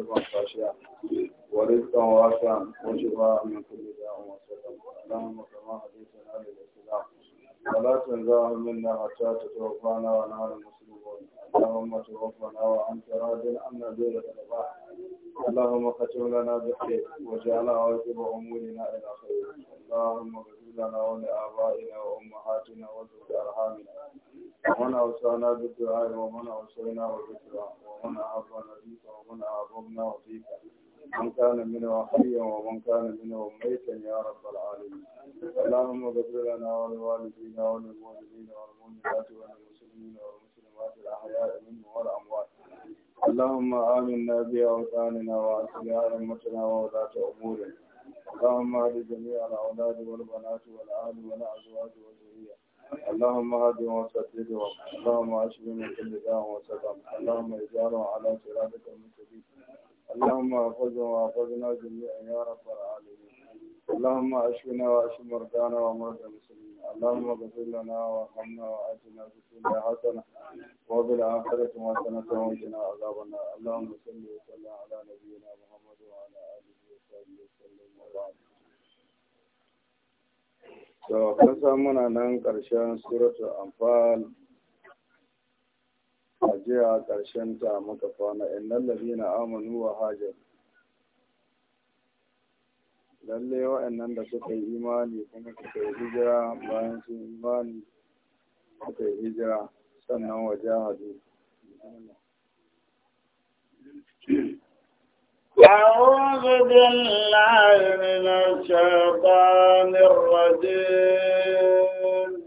سبعا خاشعا ورزقا واسعا وشفاء من كل داء وسلم اللهم كما هديتنا للاسلام ولا تنزعه منا حتى تتوفانا ونحن مسلمون اللهم توفنا وانت راض عنا غير تبعك اللهم ختم لنا بالخير واجعل عواقب امورنا الى خير اللهم اغفر لنا ولابائنا وامهاتنا وذوي ارحامنا ومن أوصانا بالدعاء ومن أوصينا بالدعاء ومن أعظنا فيك ومن أعظمنا فيك من كان منه حيا ومن كان منه ميتا يا رب العالمين اللهم اغفر لنا ولوالدينا وللمؤمنين والمؤمنات وللمسلمين والمسلمات الأحياء منهم والأموات اللهم آمنا بأوطاننا وأصلح أئمتنا وولاة أمورنا اللهم اهد جميع الأولاد والبنات والأهل والأزواج والذرية اللهم هدهم وسدد اللهم اشفهم من كل داء وسقم اللهم اجعلهم على صراطك المستقيم اللهم احفظهم واحفظنا جميعا يا رب العالمين اللهم اشفنا واشف مرضانا ومرضى المسلمين اللهم اغفر لنا وارحمنا واجعلنا في الدنيا حسنه وفي الاخره حسنه وقنا عذاب النار اللهم صل وسلم على نبينا محمد وعلى اله وصحبه وسلم وبارك to muna nan ƙarshen suratul anfal a jiya ƙarshen ta muka kwana innal ladina amanu wa hajar lalle da suka yi imani kuma suka yi hijira bayan sun imani suka yi hijira sannan wa jahadu أعوذ بالله من الشيطان الرجيم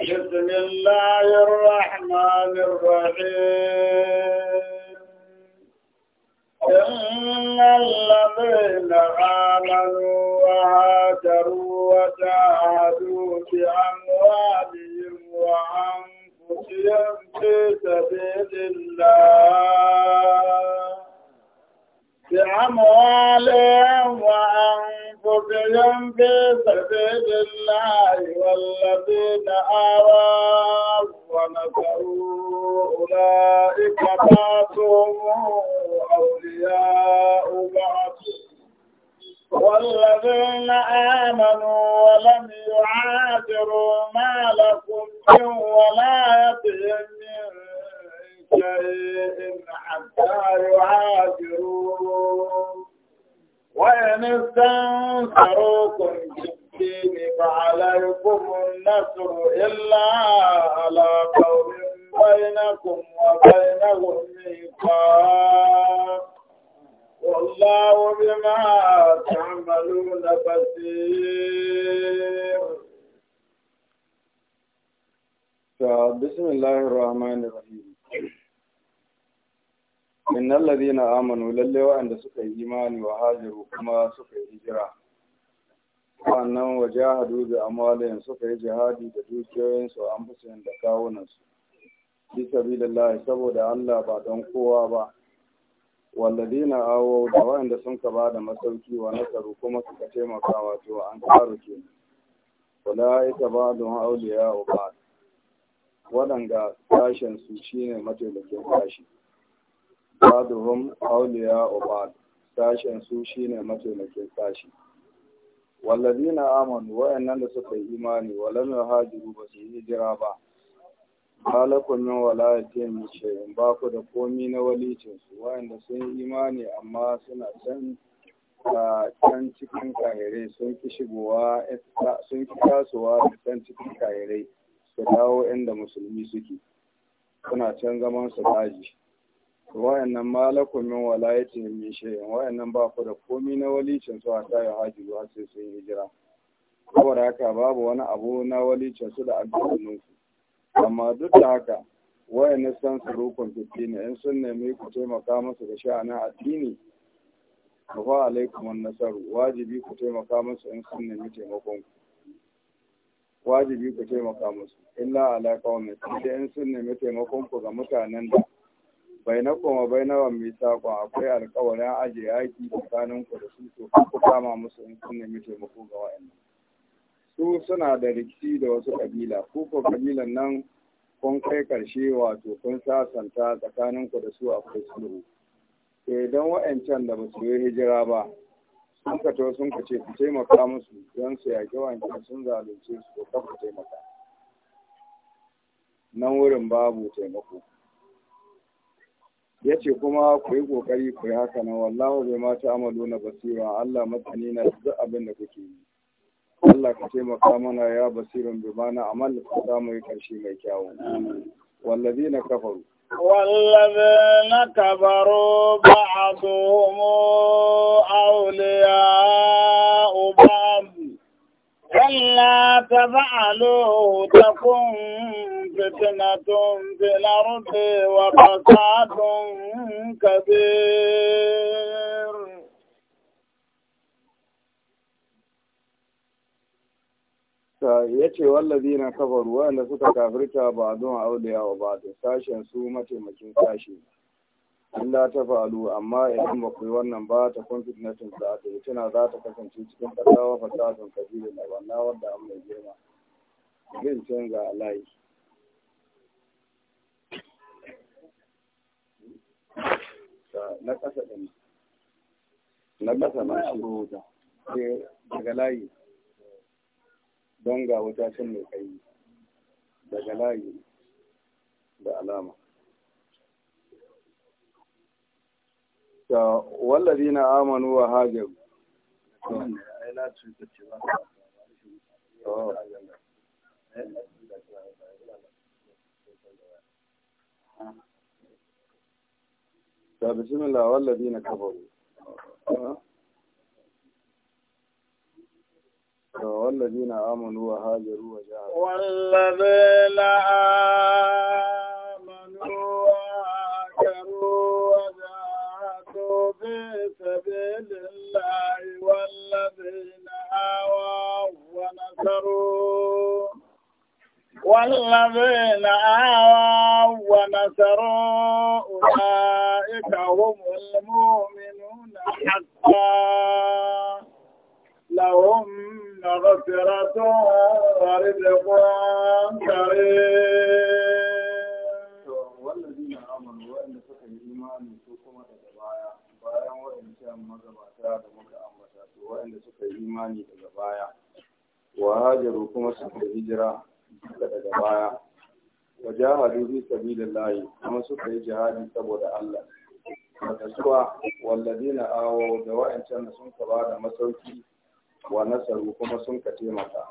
بسم الله الرحمن الرحيم إن الذين آمنوا وهاجروا وجاهدوا بأموالهم وأنفسهم في سبيل الله بأموالهم وأنفسهم في سبيل الله والذين آواه ونصروا أولئك بعضهم أولياء بعض والذين آمنوا ولم يعاجروا ما لكم من ولايتهم من شيء حتى يهاجروا وإن استنصروكم في الدين فعليكم النصر إلا على قوم بينكم وبينهم ميثاق والله بما تعملون بصير بسم الله الرحمن الرحيم innal ladina amanu lallai wa'anda suka yi imani wa hajaru kuma suka yi hijira wannan wajahadu da amwalihim suka yi jihadi da dukiyoyinsu an fusayin da kawunansu fi sabilillah saboda Allah ba don kowa ba walladina awo da wa'anda sun ka da masauki wa nasaru kuma suka taimaka wato an karu ke ulaika ba'dun awliya wa ba'd wadanga sashen su shine mataimakin sashi ba'duhum awliya wa ba'd sashen su shine mataimakin sashi wallazina amanu wa'annan da suka yi imani wa hajiru yahajiru ba su hijira ba halakun min walayatin shay'in ba ku da komi na walicin su wa'anda sun yi imani amma suna can can cikin kahirai sun ki shigowa sun ki tasowa can cikin kahirai su dawo inda musulmi suke suna can zaman su daji wa'annan malakun min walayati min shay'in wa'annan ba ku da komai na walicin su a ta haji zuwa sai sun yi hijira saboda haka babu wani abu na walicin su da addinin su amma duk da haka wa'annan san su rukun ne in sun nemi ku taimaka musu da sha'anin addini fa fa alaikum an-nasaru wajibi ku taimaka musu in sun nemi taimakon ku wajibi ku taimaka musu illa ala qaumin sai in sun nemi taimakon ku ga mutanen da bai na koma bai na wa mai saƙon akwai alƙawarin aje yaƙi tsakanin ku da su to ku kama musu in kun nemi taimako ga wa'annan su suna da rikici da wasu kabila ku ko kabilan nan kun kai ƙarshe wato kun sasanta tsakanin ku da su akwai sulhu to idan wa'ancan da ba su yi hijira ba sun ka to sun ka ce ku taimaka musu don su yaƙi wa'ancan sun zalunce su ko ku taimaka nan wurin babu taimako ya ce kuma ku yi ƙoƙari ku yi haka nan wallahu bai ma ta amalo na basira Allah matsani na duk abin da kuke yi Allah ka taimaka mana ya basirin bi na, amal ka mu yi ƙarshe mai kyawu wallazi na kafaru a كفروا بعضهم أولياء uba. Kalla ta fa’alo ta kun fitina tun filarute wa fasatun kabir. Ta yi ce wallazi na kafaru wa’anda suka kafirta ba don a wuda yawa ba, ta sashen su mataimakin sashen. Allah ta fa'alu amma idan ba ku yi wannan ba ta kun fitnatin za ta yi tuna za ta kasance cikin fasawa fasahin kabirin da wannan wanda an mai girma zai canza a layi. Na ƙasa ɗin. Na ƙasa na shigo wuta. Daga layi. Don ga wuta mai ƙayi Daga layi da alama. ta na amanu wa hajaru ta bismillah wallazi na والذين آمنوا وهاجروا وجاهدوا والذين آمنوا وهاجروا وجاهدوا جاهدوا في سبيل الله والذين آووا ونصروا والذين آووا ونصروا أولئك هم المؤمنون حقا لهم مغفرة ورزق كريم imani ko kuma daga baya bayan waɗancan magabata da muka ambata su waɗanda suka yi imani daga baya wa hajaru kuma suka hijira duka daga baya wa jahadu da sabilillahi kuma suka yi jihadi saboda Allah daga suwa walladina awo da waɗancan da sun ba da masauki wa nasaru kuma sun ka taimaka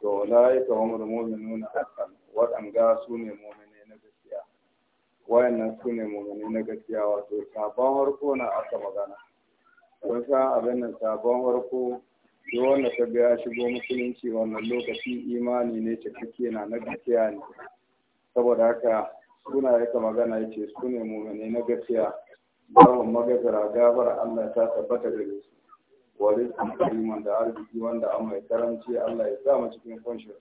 to la yaka wa mu'minuna haqqan waɗanga su ne mu'min wayannan su ne mummuni na gaskiya wato sabon harko na aka magana wasa abin nan sabon harko duk wanda ka ga ya shigo musulunci wannan lokaci imani ne cikakke na na gaskiya ne saboda haka suna yaka magana ya ce su ne mummuni na gaskiya bawan magazara gabar Allah ta tabbata da su wa rizqan wanda da arziki wanda an mai karamci Allah ya sa mu cikin kunshin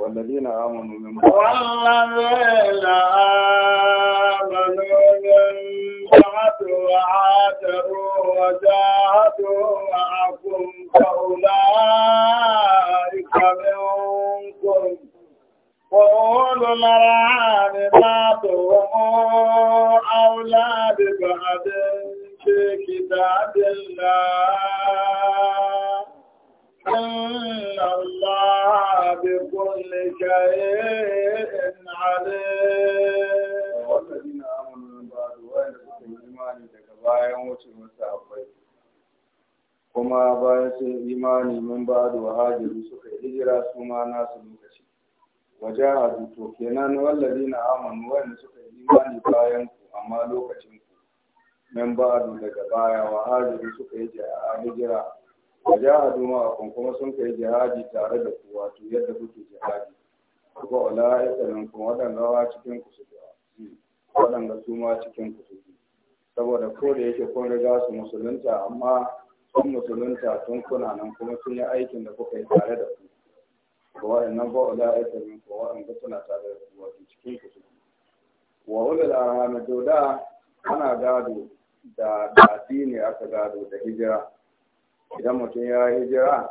والذين آمنوا من بعد والذين آمنوا من بعد وعاتروا وجاهدوا معكم فأولئك منكم وأولو الأرحام بعضهم أولى ببعض في كتاب الله kuma bayan sun imani mun ba da wahajiru suka yi hijira su ma nasu lokaci Wajen hadu zuto kenan wallazi na amanu wanda suka yi imani bayan ku amma lokacin ku mun ba da daga baya wahajiru suka yi hijira wa jahadu ma'akum kuma sun kai jihadi tare da ku wato yadda kuke jihadi kuma ula'ika minkum waɗanda wa cikin ku su waɗanda su ma cikin ku su saboda ko da yake kun riga su musulunta amma sun musulunta tun kuna nan kuma sun yi aikin da kuka yi tare da ku ga waɗannan ba ula'ika kuma waɗanda suna tare da ku wato cikin ku su wa ulul arham da ana gado da addini aka gado da hijira idan mutum ya yi hijira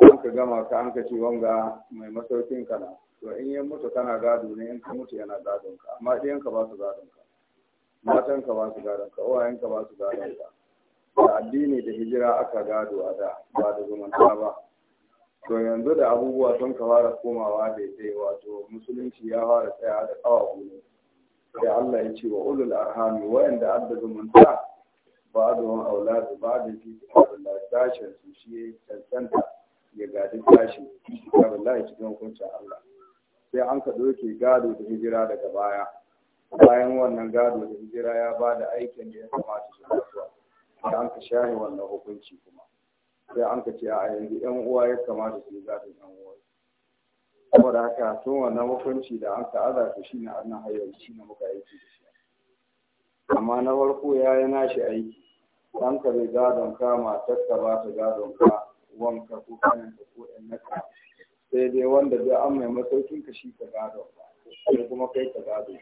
an ka gama ka an ka ci wanga mai masaukin kana to in yi mutu kana gado ne in ka mutu yana gadon ka amma ɗiyan ka ba su gadon ka matan ka ba su gadon ka uwayen ka ba su gadon ka da addini da hijira aka gado a da ba da zumunta ba to yanzu da abubuwa sun ka fara komawa da ya wato musulunci ya fara tsaya da ƙawa ne sai Allah ya ce wa ulul arhami wa'anda adda zumunta ba'adun auladu ba'adun fi kitabillah sashen su shi cancanta ya gadi sashi kitabillah cikin hukuncin Allah sai an ka doke gado da hijira daga baya bayan wannan gado da hijira ya ba da aikin da ya kamata su kasuwa sai an ka share wannan hukunci kuma sai an ka ce a yanzu yan uwa ya kamata su yi gadon yan uwa saboda haka tun wannan hukunci da an ka aza shi ne annan hayyar shi ne muka aiki da shi amma na farko ya yi nashi aiki ɗanka bai gadon ka matarka ba ta gadon ka wanka ko ko ɗan naka sai dai wanda bai an mai masaukin ka shi ka gadon ka sai kuma kai ka gadon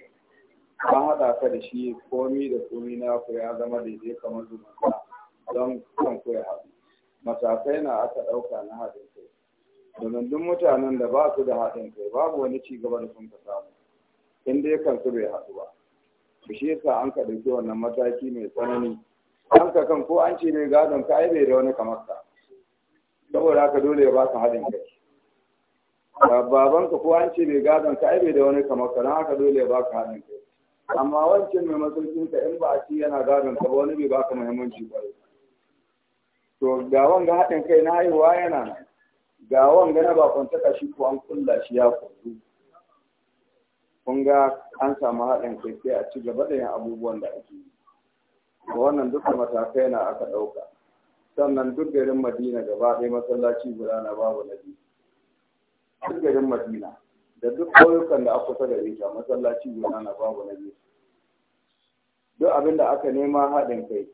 ka haɗa ka da shi komi da komi na ku ya zama daidai kamar zumunta don kan ku ya haɗu matakai na aka ɗauka na haɗin kai domin duk mutanen da ba su da haɗin kai babu wani ci gaba da sun ka samu in dai kansu bai haɗu ba shi yasa an ka ɗauki wannan mataki mai tsanani kanka kan ko an ce mai gadon ka ai bai da wani kamar ka saboda haka dole ya baka haɗin kai baban ka ko an ce mai gadon ka ai bai da wani kamar ka don haka dole ya baka haɗin kai amma wancan mai masaukin ka in ba a ci yana gadon ka wani bai baka muhimmanci ba to ga wanga haɗin kai na haihuwa yana ga wanga na bakon taka shi ko an kulla shi ya kullu kun ga an samu haɗin kai sai a ci gaba da yin abubuwan da ake yi wannan duka matakai na aka ɗauka sannan duk garin madina gaba ɗaya masallaci guda na babu na biyu duk garin madina da duk ƙauyukan da aka kusa gare masallaci guda na babu na biyu duk abin da aka nema haɗin kai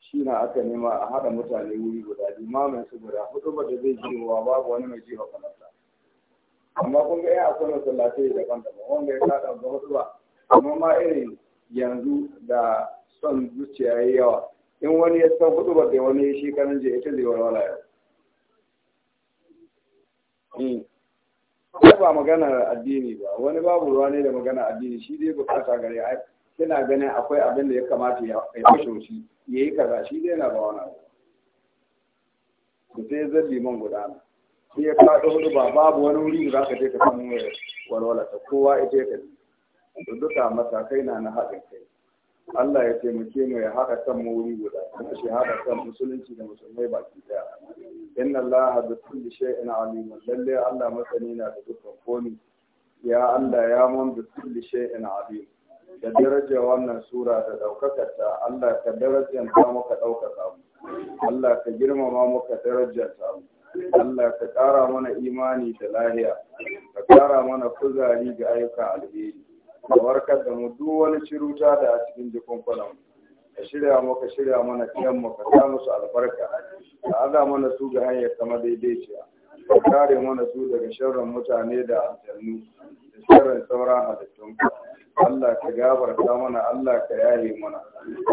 shi na aka nema a haɗa mutane wuri guda limamin su guda hudu ba da zai jiwa babu wani mai jiwa kanarta amma kun ga yan akwai masallatai daban-daban wanda ya kaɗa ba hudu ba amma ma irin yanzu da son zuciya ya yawa in wani ya san hudu ba da wani shi kanan je ita zai walwala yau ko hmm. ba magana addini ba wani babu ruwa ne da magana addini shi dai bukata gare a kina ganin akwai abin da ya kamata ya fashe shi yi kaza shi dai na ba wani ku sai zalli man gudana sai ya kaɗo hudu ba babu wani wuri da ka je ka samu walwala ta kowa ita ya kaji duka matakai na na haɗin kai Allah ya taimake mu ya haɗa kan mu wuri guda kuma shi haɗa kan musulunci da musulmai baki daya inna Allah bi kulli shay'in alim lalle Allah masani na da dukkan komi ya Allah ya mun bi kulli shay'in alim da daraja wannan sura da daukakar ta Allah ka darajanta mu ka daukaka mu Allah ka girmama muka ka darajanta mu Allah ka ƙara mana imani da lahiya ka ƙara mana kuzari ga ayyukan alheri ka warkar da mu duk wani ciruta da a cikin jikunkunan ka shirya mu ka shirya mana kiyan mu ka sa musu albarka ka aza mana su ga hanyar kama daidaiciya ka kare mana su daga sharrin mutane da aljannu da sharrin sauran halittun Allah ka gabarta mana Allah ka yaye mana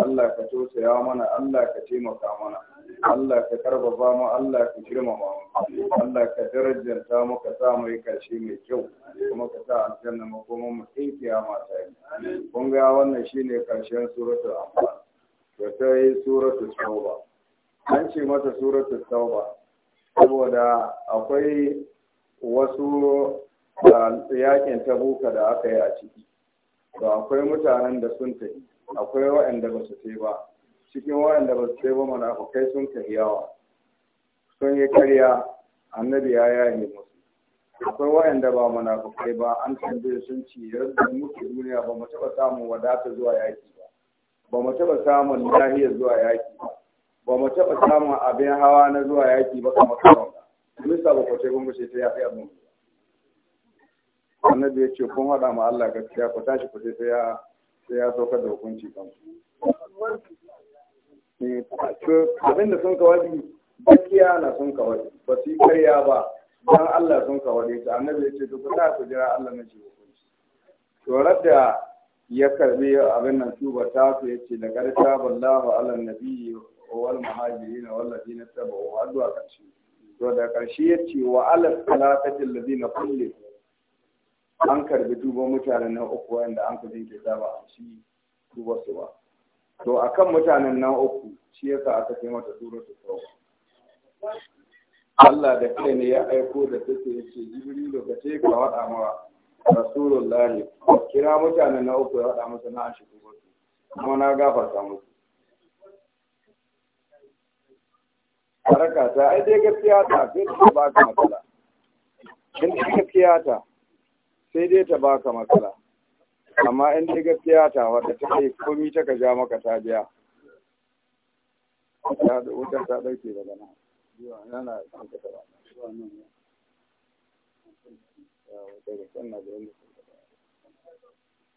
Allah ka tosaya mana Allah ka taimaka mana Allah ka karfafa mu Allah ka girmama mu Allah ka darajanta mu ka sa mu kashi mai kyau kuma ka sa aljanna mu kuma mu tsinkiya mata yi kun ga wannan shine karshen suratul anfal to sai suratul tauba an ce mata suratul tauba saboda akwai wasu yakin tabuka da aka yi a ciki to akwai mutanen da sun tafi akwai waɗanda ba su tafi ba cikin waɗanda ba su kai ba munafukai sun tafi yawa sun yi karya annabi ya yaye musu akwai waɗanda ba munafukai ba an tambaye sun ce yadda muke duniya ba mu taɓa samun wadata zuwa yaki ba ba mu taɓa samun lahiya zuwa yaki ba ba mu taɓa samun abin hawa na zuwa yaki ba kamar kawai bisa ba kwace kun gushe sai ya fi abin annabi ya ce kun haɗa ma Allah gaskiya ku tashi ku sai ya sai ya saukar da hukunci kanku Eh, abinda sun kawai bakiya na sun kawai ba su yi karya ba don Allah sun kawai ta annabi ya ce duk da ku jira Allah na ce hukunci to radda ya karbi abin nan ba ta ku ya da karta ballahu ala nabi wal muhajirin wal ladina tabu wa zuwa ƙarshe. to da karshe ya ce wa ala salatati alladina kulle. an karbi mutane na uku wanda an kudin ke zaba shi duba su ba to a kan mutanen nan uku shi yasa aka kai mata suratul tauba Allah da kai ne ya aiko da take yace Jibrilu ka ce ka waɗa ma Rasulullahi kira mutanen na uku ya waɗa musu na shi kuma kuma na gafarta musu Baraka ta ai dai gaskiya ta sai ta baka matsala kin gaskiya ta sai dai ta baka matsala amma in ta gaskiya ta wata ta kai komi ta ka ja maka ta biya wutar ta ɗauke daga nan yana kan ka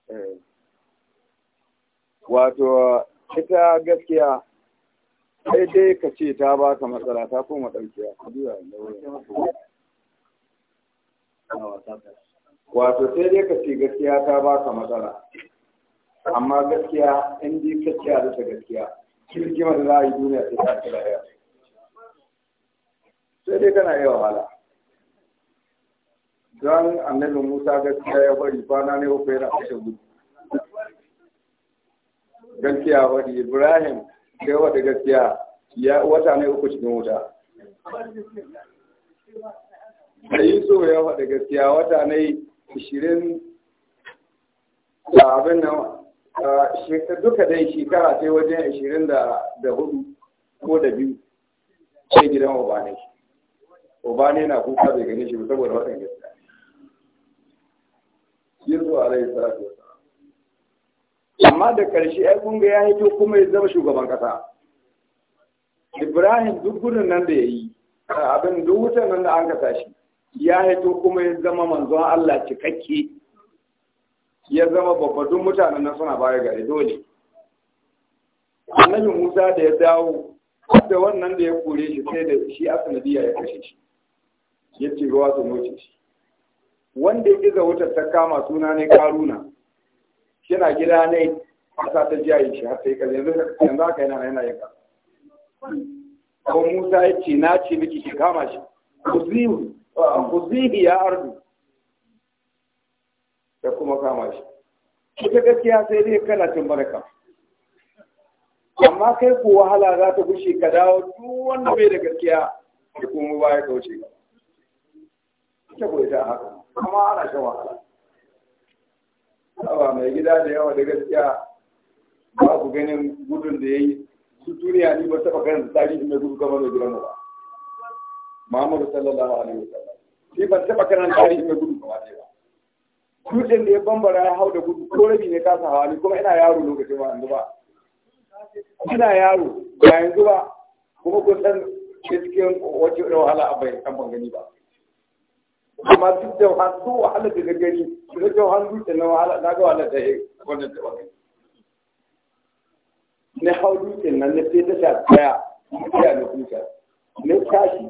eh. wato ita gaskiya sai dai ka ce ta baka matsala ta koma ɗaukiya. wato sai dai ka ce gaskiya ta baka matsala amma gaskiya in ji ka da ta gaskiya kirgimar da za a yi duniya sai ta kira lahiya sai dai kana iya wahala don annabi musa gaskiya ya bari kwana ne uku yana kashe gudu gaskiya bari ibrahim kai wata gaskiya ya wata ne uku cikin wuta A yi so ya faɗa gaskiya wata ne ishirin abin nan duka dai shekara sai wajen ishirin da hudu ko da biyu sai gidan obane obane na kuka bai gane shi saboda watan gaskiya yanzu a rai sarrafa amma da ƙarshe ai kunga ya hito kuma ya zama shugaban ƙasa ibrahim duk gudun nan da ya yi abin duk wutan nan da an kasa shi ya haito kuma ya zama manzon Allah cikakke ya zama babbadun mutanen nan suna baya gari dole annabi Musa da ya dawo da wannan da ya kore shi sai da shi asanadiya ya kashe shi ya ce ruwa su noce shi wanda ya giza wutar ta kama suna ne karuna yana gida ne kasa ta jaye shi har sai kaza yanzu haka yana yana yin ƙasa ko Musa ya ce na ce miki ki kama shi ku zihu kuzihi ya ardu da kuma kama shi ita gaskiya sai dai kana cin barka amma kai ko wahala za ta gushe ka dawo duk wanda bai da gaskiya Ya kuma baya kauce ka ta koyi ta haka amma ana shan wahala ba mai gida da yawa da gaskiya ba ku ganin gudun da ya yi su duniya ni ba taɓa ganin tarihi mai gudu kamar mai gidan ba. Muhammadu sallallahu alaihi wasallam shi ban taba karanta tarihi mai gudu ba ɗaya ba dutsen da ya bambara ya hau da gudu ko rabi ne kasa hawa ni kuma ina yaro lokacin ba yanzu ba ina yaro ba yanzu ba kuma ko san cikin wace wahala a bai kan ban gani ba amma duk da wahala duk wahala da ga gani duk da wahala dutsen na wahala na ga wahala da ya wannan da wani ne hau dutsen nan na sai ta tsaya ta ya na ne tashi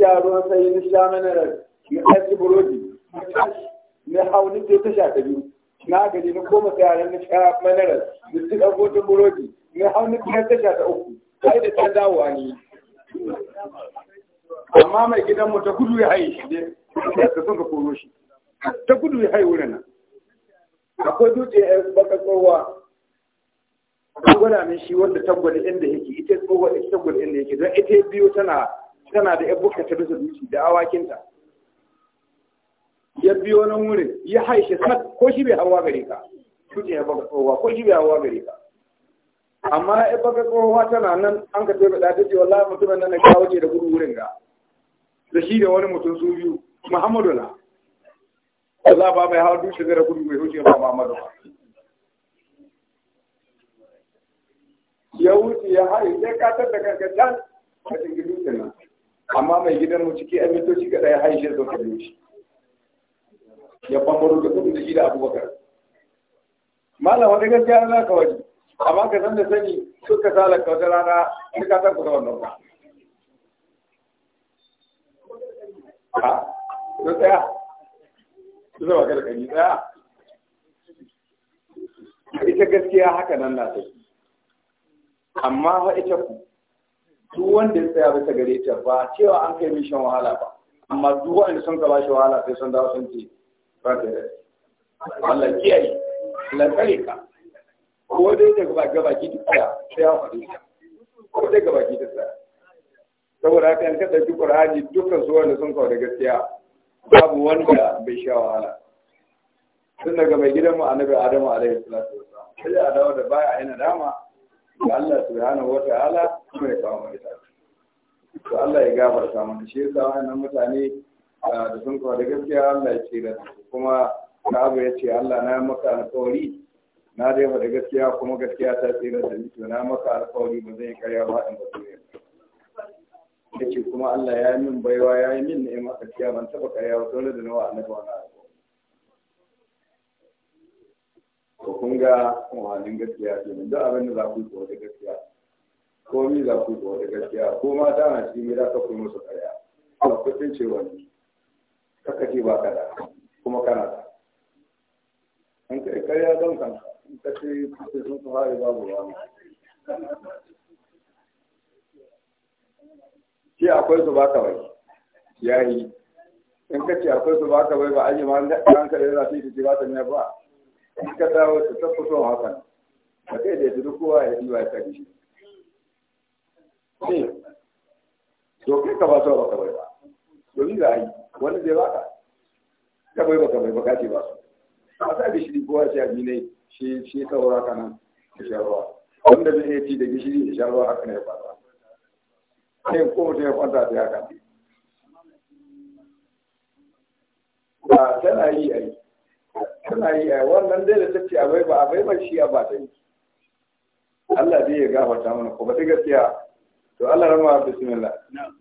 sha ruwan sanyi na sha mineral na ɗanci burodi na hau ni ta sha ta biyu na gari na koma tsayarar na sha mineral na ci ɗan hoton burodi na hau ni ta sha ta uku ai da ta dawowa ne amma mai gidanmu ta kudu ya haye shi ne da sun ka koro shi ta kudu ya haye wurin nan akwai dutse ya eh, baka tsohuwa an gwada min shi wanda tabbali inda yake ita tsohuwa ita tabbali inda yake don ita biyu tana tana da yabbu ta tafi zuci da awakinta ya biyo nan wurin ya haishe sat ko shi bai hawa gare ka tuce ya baka tsohuwa ko shi bai hawa gare ka amma ya baka tsohuwa tana nan an ka tafi da ta ce wallahi mutumin nan na kawo ce da gudu wurin ga da shi da wani mutum su biyu muhammadu na Allah ba mai hawa dushe da gudu mai huce ba muhammadu ba ya wuce ya haye sai ka tattaka ka can a cikin dutsen nan amma mai gidan mu ciki an mitoci ga ɗaya haishe ka yi shi ya fafaro da kudin da shi da abubakar malam wani gaskiya na ka wani amma ka san da sani suka sala ka wata rana in ka san kusa wannan ba ha to tsaya su zama ka da kani tsaya ita gaskiya haka nan na ta amma ita ku duk wanda ya tsaya bisa gare ta ba cewa an kai min shan wahala ba amma duk wanda sun gaba shi wahala sai sun dawo sun ce ba ta da Allah kiyaye la kare ka ko dai daga ba gaba ki tsaya sai ya faɗi ko dai gaba ki tsaya saboda haka an kada ki Qur'ani dukkan su wanda sun kawo da gaskiya babu wanda bai sha wahala tun daga mai gidan mu annabi Adamu alaihi salatu wasallam sai dawo da baya yana dama ga Allah subhanahu ta'ala kuma ya kawo mai to Allah ya gafarta mana shi yasa wannan mutane da sun kawo da gaskiya Allah ya ce da kuma Ka'aba ya ce Allah na maka alƙawari na dai da gaskiya kuma gaskiya ta tsira da to na maka alƙawari ba zai karya ba in ba ya ce kuma Allah ya yi min baiwa ya yi min ni'ima gaskiya ban taɓa karya ba dole da nawa annabi wannan alƙawari to kun ga wahalin gaskiya kenan duk abin da za ku yi da gaskiya komi za ku ga wata gaskiya ko ta na cikin gida ka kuma su karya ko kudin ce wani ka ce ba da, kuma kana da an kai karya don kanka An ka ce kusa sun su hari babu ba Ki akwai su baka bai ya yi in ka ce akwai su baka bai ba aji ma an kare za su yi su ji ba ta ne ba in ka dawo su son hakan ba kai da ya duk kowa ya yi ba ya kare shi to ka ba su baka bai ba domin ga yi, wani zai ba ka bai baka bai baka ce ba su a sa gishiri kowa ce abi ne shi shi ka wura ka nan ka sha ruwa wanda zai yi ci da gishiri ya sha ruwa haka ne ya fara sai ko mutum ya kwanta sai haka ba tana yi ai tana yi ai wannan dai da tace abai ba abai ba shi a ba ta yi Allah zai ya gafarta mana ko ba ta gaskiya to Allah rama bismillah na'am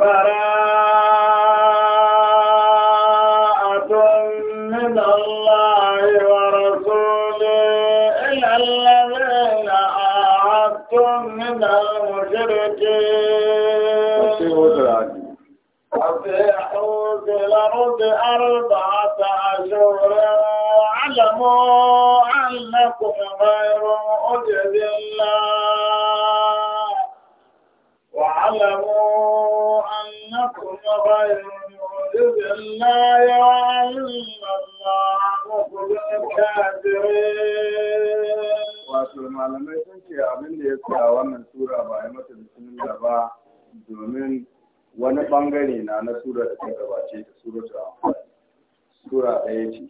براءة من الله ورسوله إلى الذين عاهدتم من المشركين أصيحوا في الأرض أربعة أشهر واعلموا أنكم غير معجز الله Wato malamai sun ce abin da ya a wannan sura ba ya mata bismillah ba domin wani bangare na na sura da ta gabace da sura ta amfani. Sura ɗaya ce,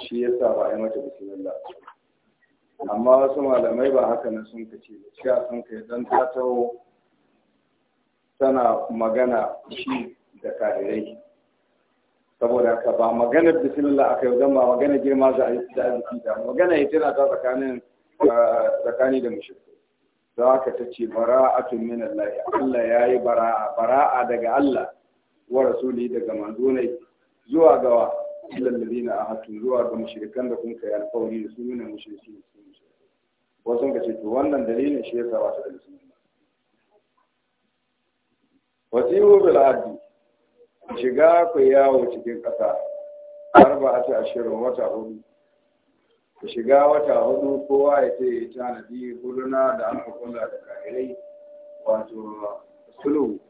shi ya sa ba ya mata bismillah. Amma wasu malamai ba haka na sun kace, a sun kai don ta taho tana magana shi da kahirai saboda ka ba magana bismillah aka yau ba magana girma za a yi da arziki da magana ita na ta tsakanin ah, tsakani da mushrikai za ka ta ce bara'atun min Allah Allah ya yi bara'a bara'a daga Allah wa rasuli daga manzonai zuwa gawa ilal ladina ahatu zuwa ga mushrikan da kun kai alfawari da su ne mushriki wasu ka ce to wannan dalilin shi yasa ba da musulmi wasihu bil addi shiga ku yawo cikin ƙasa arba'atu ashirin wata hudu ku shiga wata hudu kowa ya ce ya tanadi huluna da an ka kula da kairai wato sulhu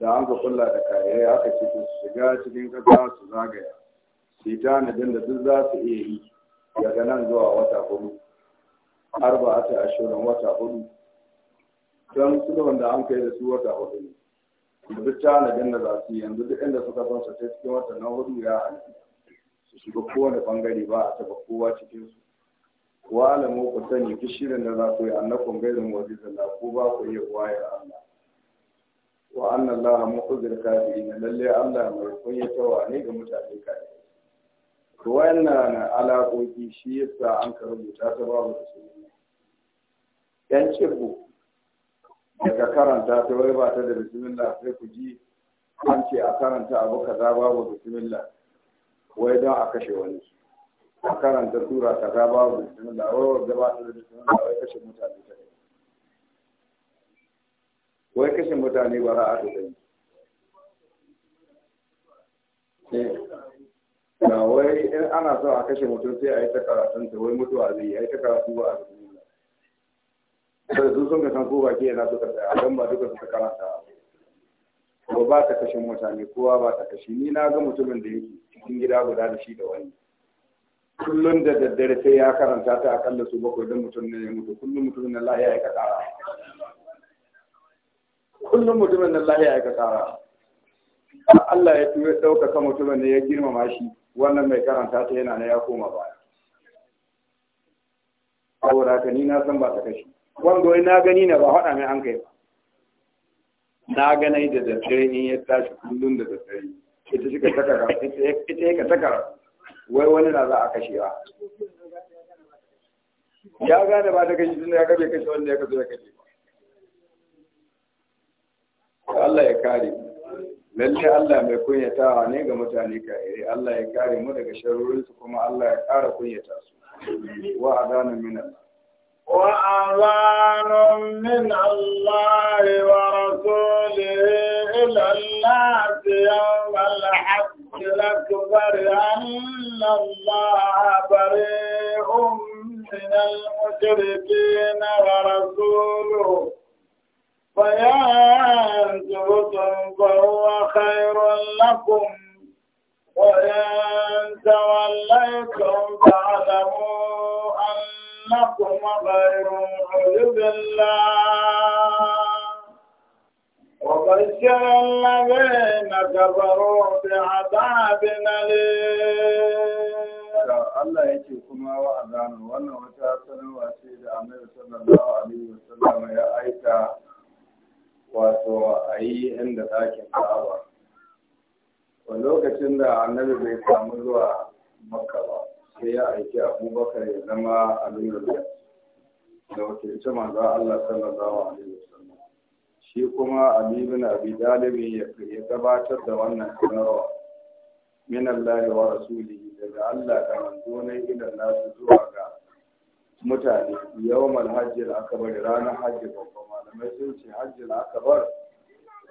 da an ka kula da kairai aka ce su shiga cikin ƙasa su zagaya su yi tanadin da duk za su iya yi daga nan zuwa wata hudu arba'atu ashirin wata hudu don sulu da an kai da su wata hudu ne duk tanadin da za su yanzu duk inda suka son su ta cikin watan na hudu ya halittu su shiga kowane bangare ba a taba kowa cikin su wa alamu ku sani duk shirin da za ku yi annakun gairin mu'jizallah ko ba ku iya wayar Allah wa anna Allah kafi na lalle Allah mai kunyatawa ne ga mutane kafirai to wannan alaƙoƙi shi yasa an ka rubuta ta babu da su yan cirbu daga karanta ta wai ba ta da bismillah sai ku ji an ce a karanta abu kaza babu bismillah wai don a kashe wani a karanta tura kaza babu bismillah wai wanda ba ta da bismillah wai kashe mutane ta kai wai kashe mutane ba ra'a ta kai na wai in ana so a kashe mutum sai a yi ta karatun ta wai mutuwa zai yi a yi ta karatu ba a da su sun ka san ko baki yana suka tsaya don ba duka suka karanta ba. ba ta kashin mutane kowa ba ta kashi ni na ga mutumin da yake cikin gida guda da shi da wani kullum da daddare sai ya karanta ta akalla su bakwai don mutum ne ya mutu kullum mutumin na lahiya ya kasara kullum mutumin na lahiya ya kasara Allah ya tuwe ɗaukaka mutumin da ya girmama shi wannan mai karanta ta yana na ya koma baya saboda haka ni na san ba ta kashi wanda wai na gani na ba faɗa mai an kai ba na ganai da daddare in ya tashi kullum da daddare ita shi ka takara ita ya ka takara wai wani na za a kashewa ya gane ba ta kashi tunda ya kabe kashe wanda ya kasu ya kashe ba Allah ya kare lalle Allah mai kunyatawa ne ga mutane ka iri Allah ya kare mu daga sharorinsu kuma Allah ya ƙara kunyata su وأذان من الله وأذان من الله ورسوله إلى الناس يوم الحج الأكبر أن الله بريء من المشركين ورسوله فيا أنتم فهو خير لكم وإن توليتم فاعلموا أنكم غير معجب الله وبشر الذين كفروا بعذاب أليم Allah ya ce kuma wa wannan wata sanarwa ce da Annabi sallallahu alaihi wasallam ya aika wato a yi ɗakin Ka'aba a lokacin da annabi bai samu zuwa makka ba sai ya aiki abubakar ya zama amirul da wakilci manzo Allah sallallahu alaihi wasallam shi kuma Ali bin Abi Talib ya gabatar da wannan sanarwa min Allah wa rasulihi daga Allah da manzo ne ila nasu zuwa ga mutane yawmal hajjil akbar ranar hajji babba malamai sun ce hajjil akbar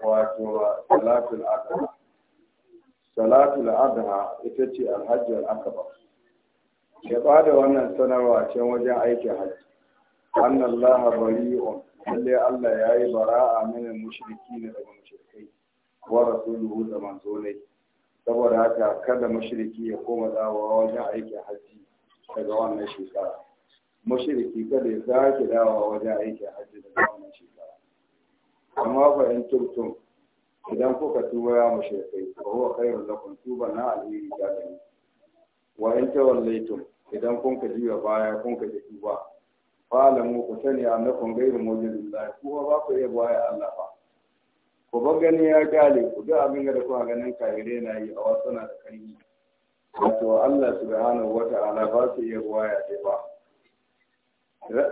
wato salatul akbar salatul adha ita ce alhaji al'akaba ke ba da wannan sanarwa can wajen aikin hajji an allaha bari'un lalle allah ya yi bara'a mana mushriki ne daga mushrikai wa rasuluhu da manzo saboda haka kada mushriki ya koma dawowa wajen aikin hajji daga wannan shekara mushriki kada ya sake dawowa wajen aikin hajji daga wannan shekara amma fa in idan kuka tuba ya mushrikai fa huwa khairul lakum tuba na alheri ga gani wa in tawallaytum idan kun ka juya baya kun ka tuba fa mu ku sani annakum ghairu mujizillah kuma ba ku iya baya Allah ba ku ba gani ya gale ku da abin da ku ganin kahire na yi a wasu na da kanyi wato Allah subhanahu wata'ala ba su iya baya dai ba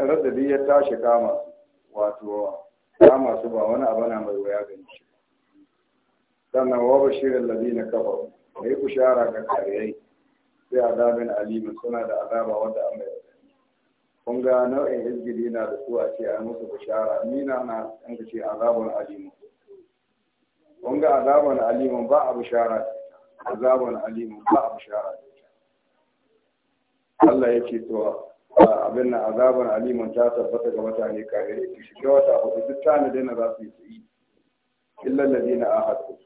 radadi ya tashi kama wato kama su ba wani abu na mai waya ga shi sannan wa bashirin ladina kafaru mai bushara ga kariyai sai azabin alimin suna da azaba wanda an mai kun ga nau'in izgiri na da su a ce a musu bushara nina na an ka ce azabun alimin kun ga azabun alimin ba a bushara azabun alimin ba a bushara Allah ya ce to abin nan azabar aliman ta tabbata ga mutane kare shi shiga wata hudu duk tanadin da za su yi su yi illa ladina ahadu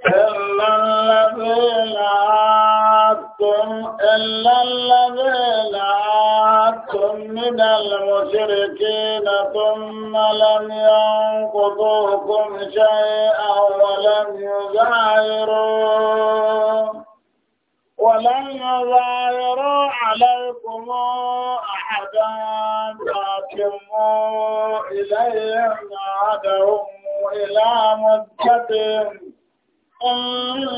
إلا الذي عادتم إلا الذي عادتم من المشركين ثم لم ينقضوكم شيئا ولم يظاهروا ولم يظاهروا عليكم أحدا فأتموا إليهم عدهم إلى مدتهم إن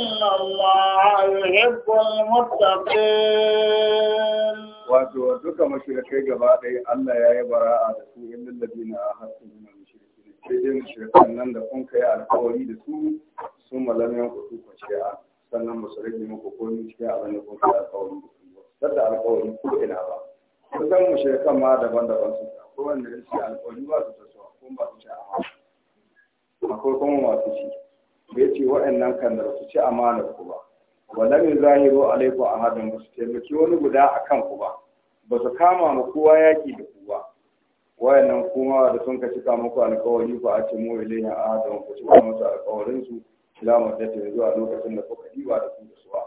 الله يحب المتقين wato duka mashirikai gaba ɗaya Allah ya yi bara'a da su yin lallabi na hasu na mashirikai sai dai mashirikan nan da kun kai alkawari da su sun malamiyan kuɗi kwaciya sannan ba su rage muku komi cikin abin da kun kai alkawari da su sadda alkawari ko ina ba kusan mashirikan ma daban-daban su ta ko wanda ya ce alkawari ba su ta so ko ba su ci a akwai kuma masu ci ya ce waɗannan kan da su ci amanar ku ba wala ne zahiro alaiku a hadin ba su taimaki wani guda a kan ku ba ba su kama ma kowa yaki da ku ba wayannan kuma da sun ka cika muku alƙawari ku a ce mu ilayhi a hadin ku cika musu alƙawarin su ila muddata yanzu a lokacin da kuka diba da ku da su ba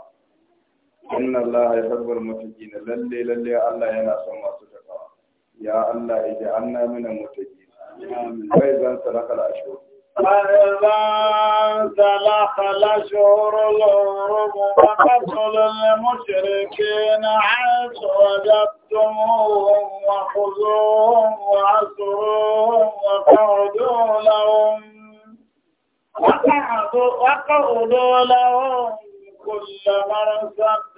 inna allaha yuhibbul muttaqin lalle lalle allah yana son masu takawa ya allah ij'alna na. muttaqin amin bai zan sadaka al فإذا انسلخ الأشهر الحرم فقتلوا المشركين حيث وجدتموهم وخذوهم وأسروهم وقعدوا لهم وقعدوا لهم كل مرصد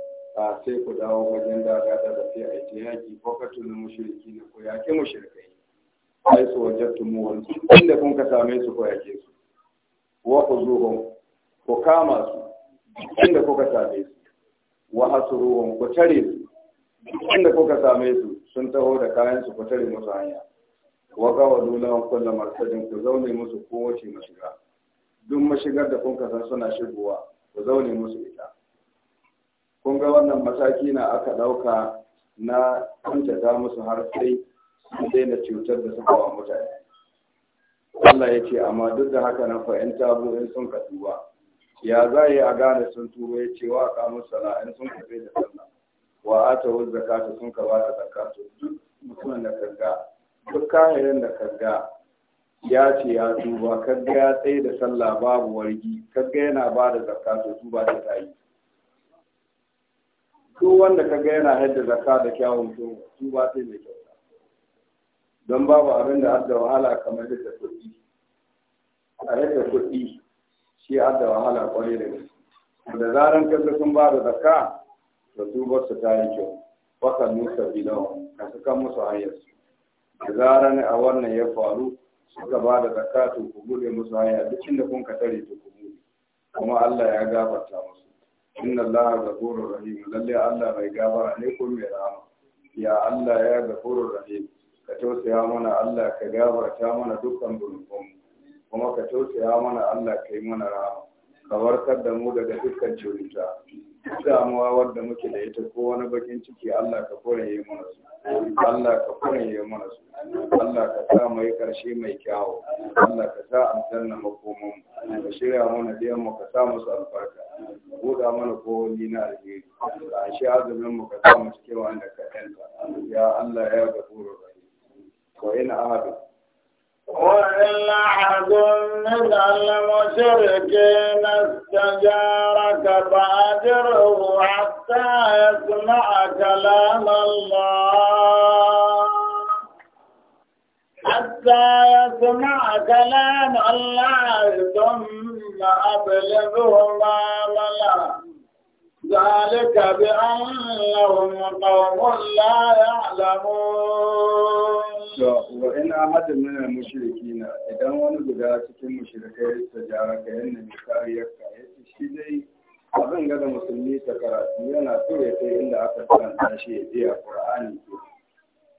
a sai ku dawo wajen da ga da sai a yi ta ko ka na mushriki na ku yaƙi mushrikai sai su wajattu mu wani inda kun ka same su ku ke su wa ku zuhun ku kama su inda kuka same su wa ruwan ku tare su inda kuka same su sun taho da kayan su ku tare musu hanya wa qawadu lahum kullu marsadin ku zaune musu kowace mashiga duk mashigar da kun san suna shigowa ku zaune musu ita kun ga wannan mataki na aka ɗauka na kuntata musu har sai sun daina cutar da suka wa mutane Allah ya ce amma duk da haka nan fa in tabo in sun ka tuba ya za yi a gane sun tuba ya ce wa ka musu sana in sun ka da sallah wa ata wa zakata sun ka ba da zakatu mutumin da kaga duk kayan da kaga ya ce ya tuba kaga ya tsaye da sallah babu wargi kaga yana ba da to tuba ta yi duk wanda ka ga yana yadda zakka da kyawun su su ba sai mai kyauta don babu abin da adda wahala kamar da kuɗi a yadda kuɗi shi adda wahala kwarai da gaske da zaran kaga sun ba da zakka to su ba su tayi kyau wakan nusa bilawa ka kan musu hanyar su da zaran a wannan ya faru suka ba da zakka to ku buɗe musu hanyar duk inda kun ka tare to ku buɗe kuma Allah ya gafarta musu inna Allah ghafurur rahim lalle Allah mai gabara ne ko mai rahama ya Allah ya ghafurur rahim ka tausaya mana Allah ka gabarta mana dukan zunubanmu kuma ka tausaya mana Allah ka yi mana rahama ka warkar da mu daga dukkan cuta damuwa wadda muke da ita ko wani bakin ciki Allah ka koraye mana su Allah ka koraye mana su Allah ka sa mai karshe mai kyawu Allah ka sa na makomin ka shirya mana biyan ka sa musu albarka buɗa mana kowanne na alheri a shi azumin mu ka samu cikin wanda ka ya Allah ya gafuru rahim wa in ahadu وإن أحد من المشركين استجارك فأجره حتى يسمع كلام الله حتى يسمع كلام الله ثم أبلغه ما ملا ذلك بأنهم قوم لا يعلمون وإن أحد من المشركين إذا wani guda cikin mushrikai ta jara ka yanna mai kariyar ka yace shi dai abin ga da musulmi ta karatu yana so ya kai inda aka san shi a Qur'ani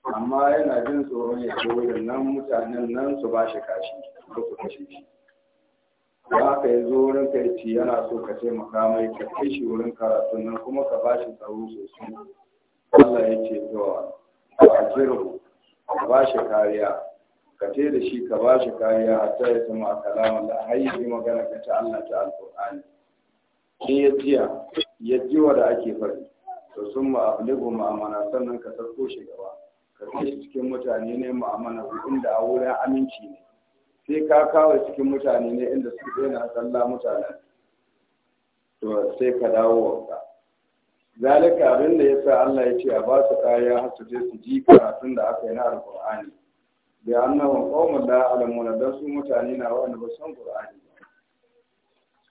amma yana jin tsoron ya ce nan mutanen nan su ba shi kashi ko su kashe shi ba ka yi zo wurin kai ci yana so ka taimaka makamai ka kai shi wurin karatu nan kuma ka ba shi tsaro sosai Allah ya ce to a jirgo ka ba shi kariya ka ce da shi ka ba shi kariya a tsaye su sama a da haihi magana ka ta Allah ta alƙur'ani in ya jiya ya ji da ake fari to sun ma abu ne goma amana sannan ka sarko shi gaba ka kai cikin mutane ne mu'amala inda a wurin aminci ne sai ka kawo cikin mutane ne inda su daina sallah mutane to sai ka dawo wanka zalika abin da yasa Allah ya ce a ba su kaya har su je su ji karatun da aka yi na alqur'ani da annahu qawmun la alamuna dan su mutane na wanda ba san qur'ani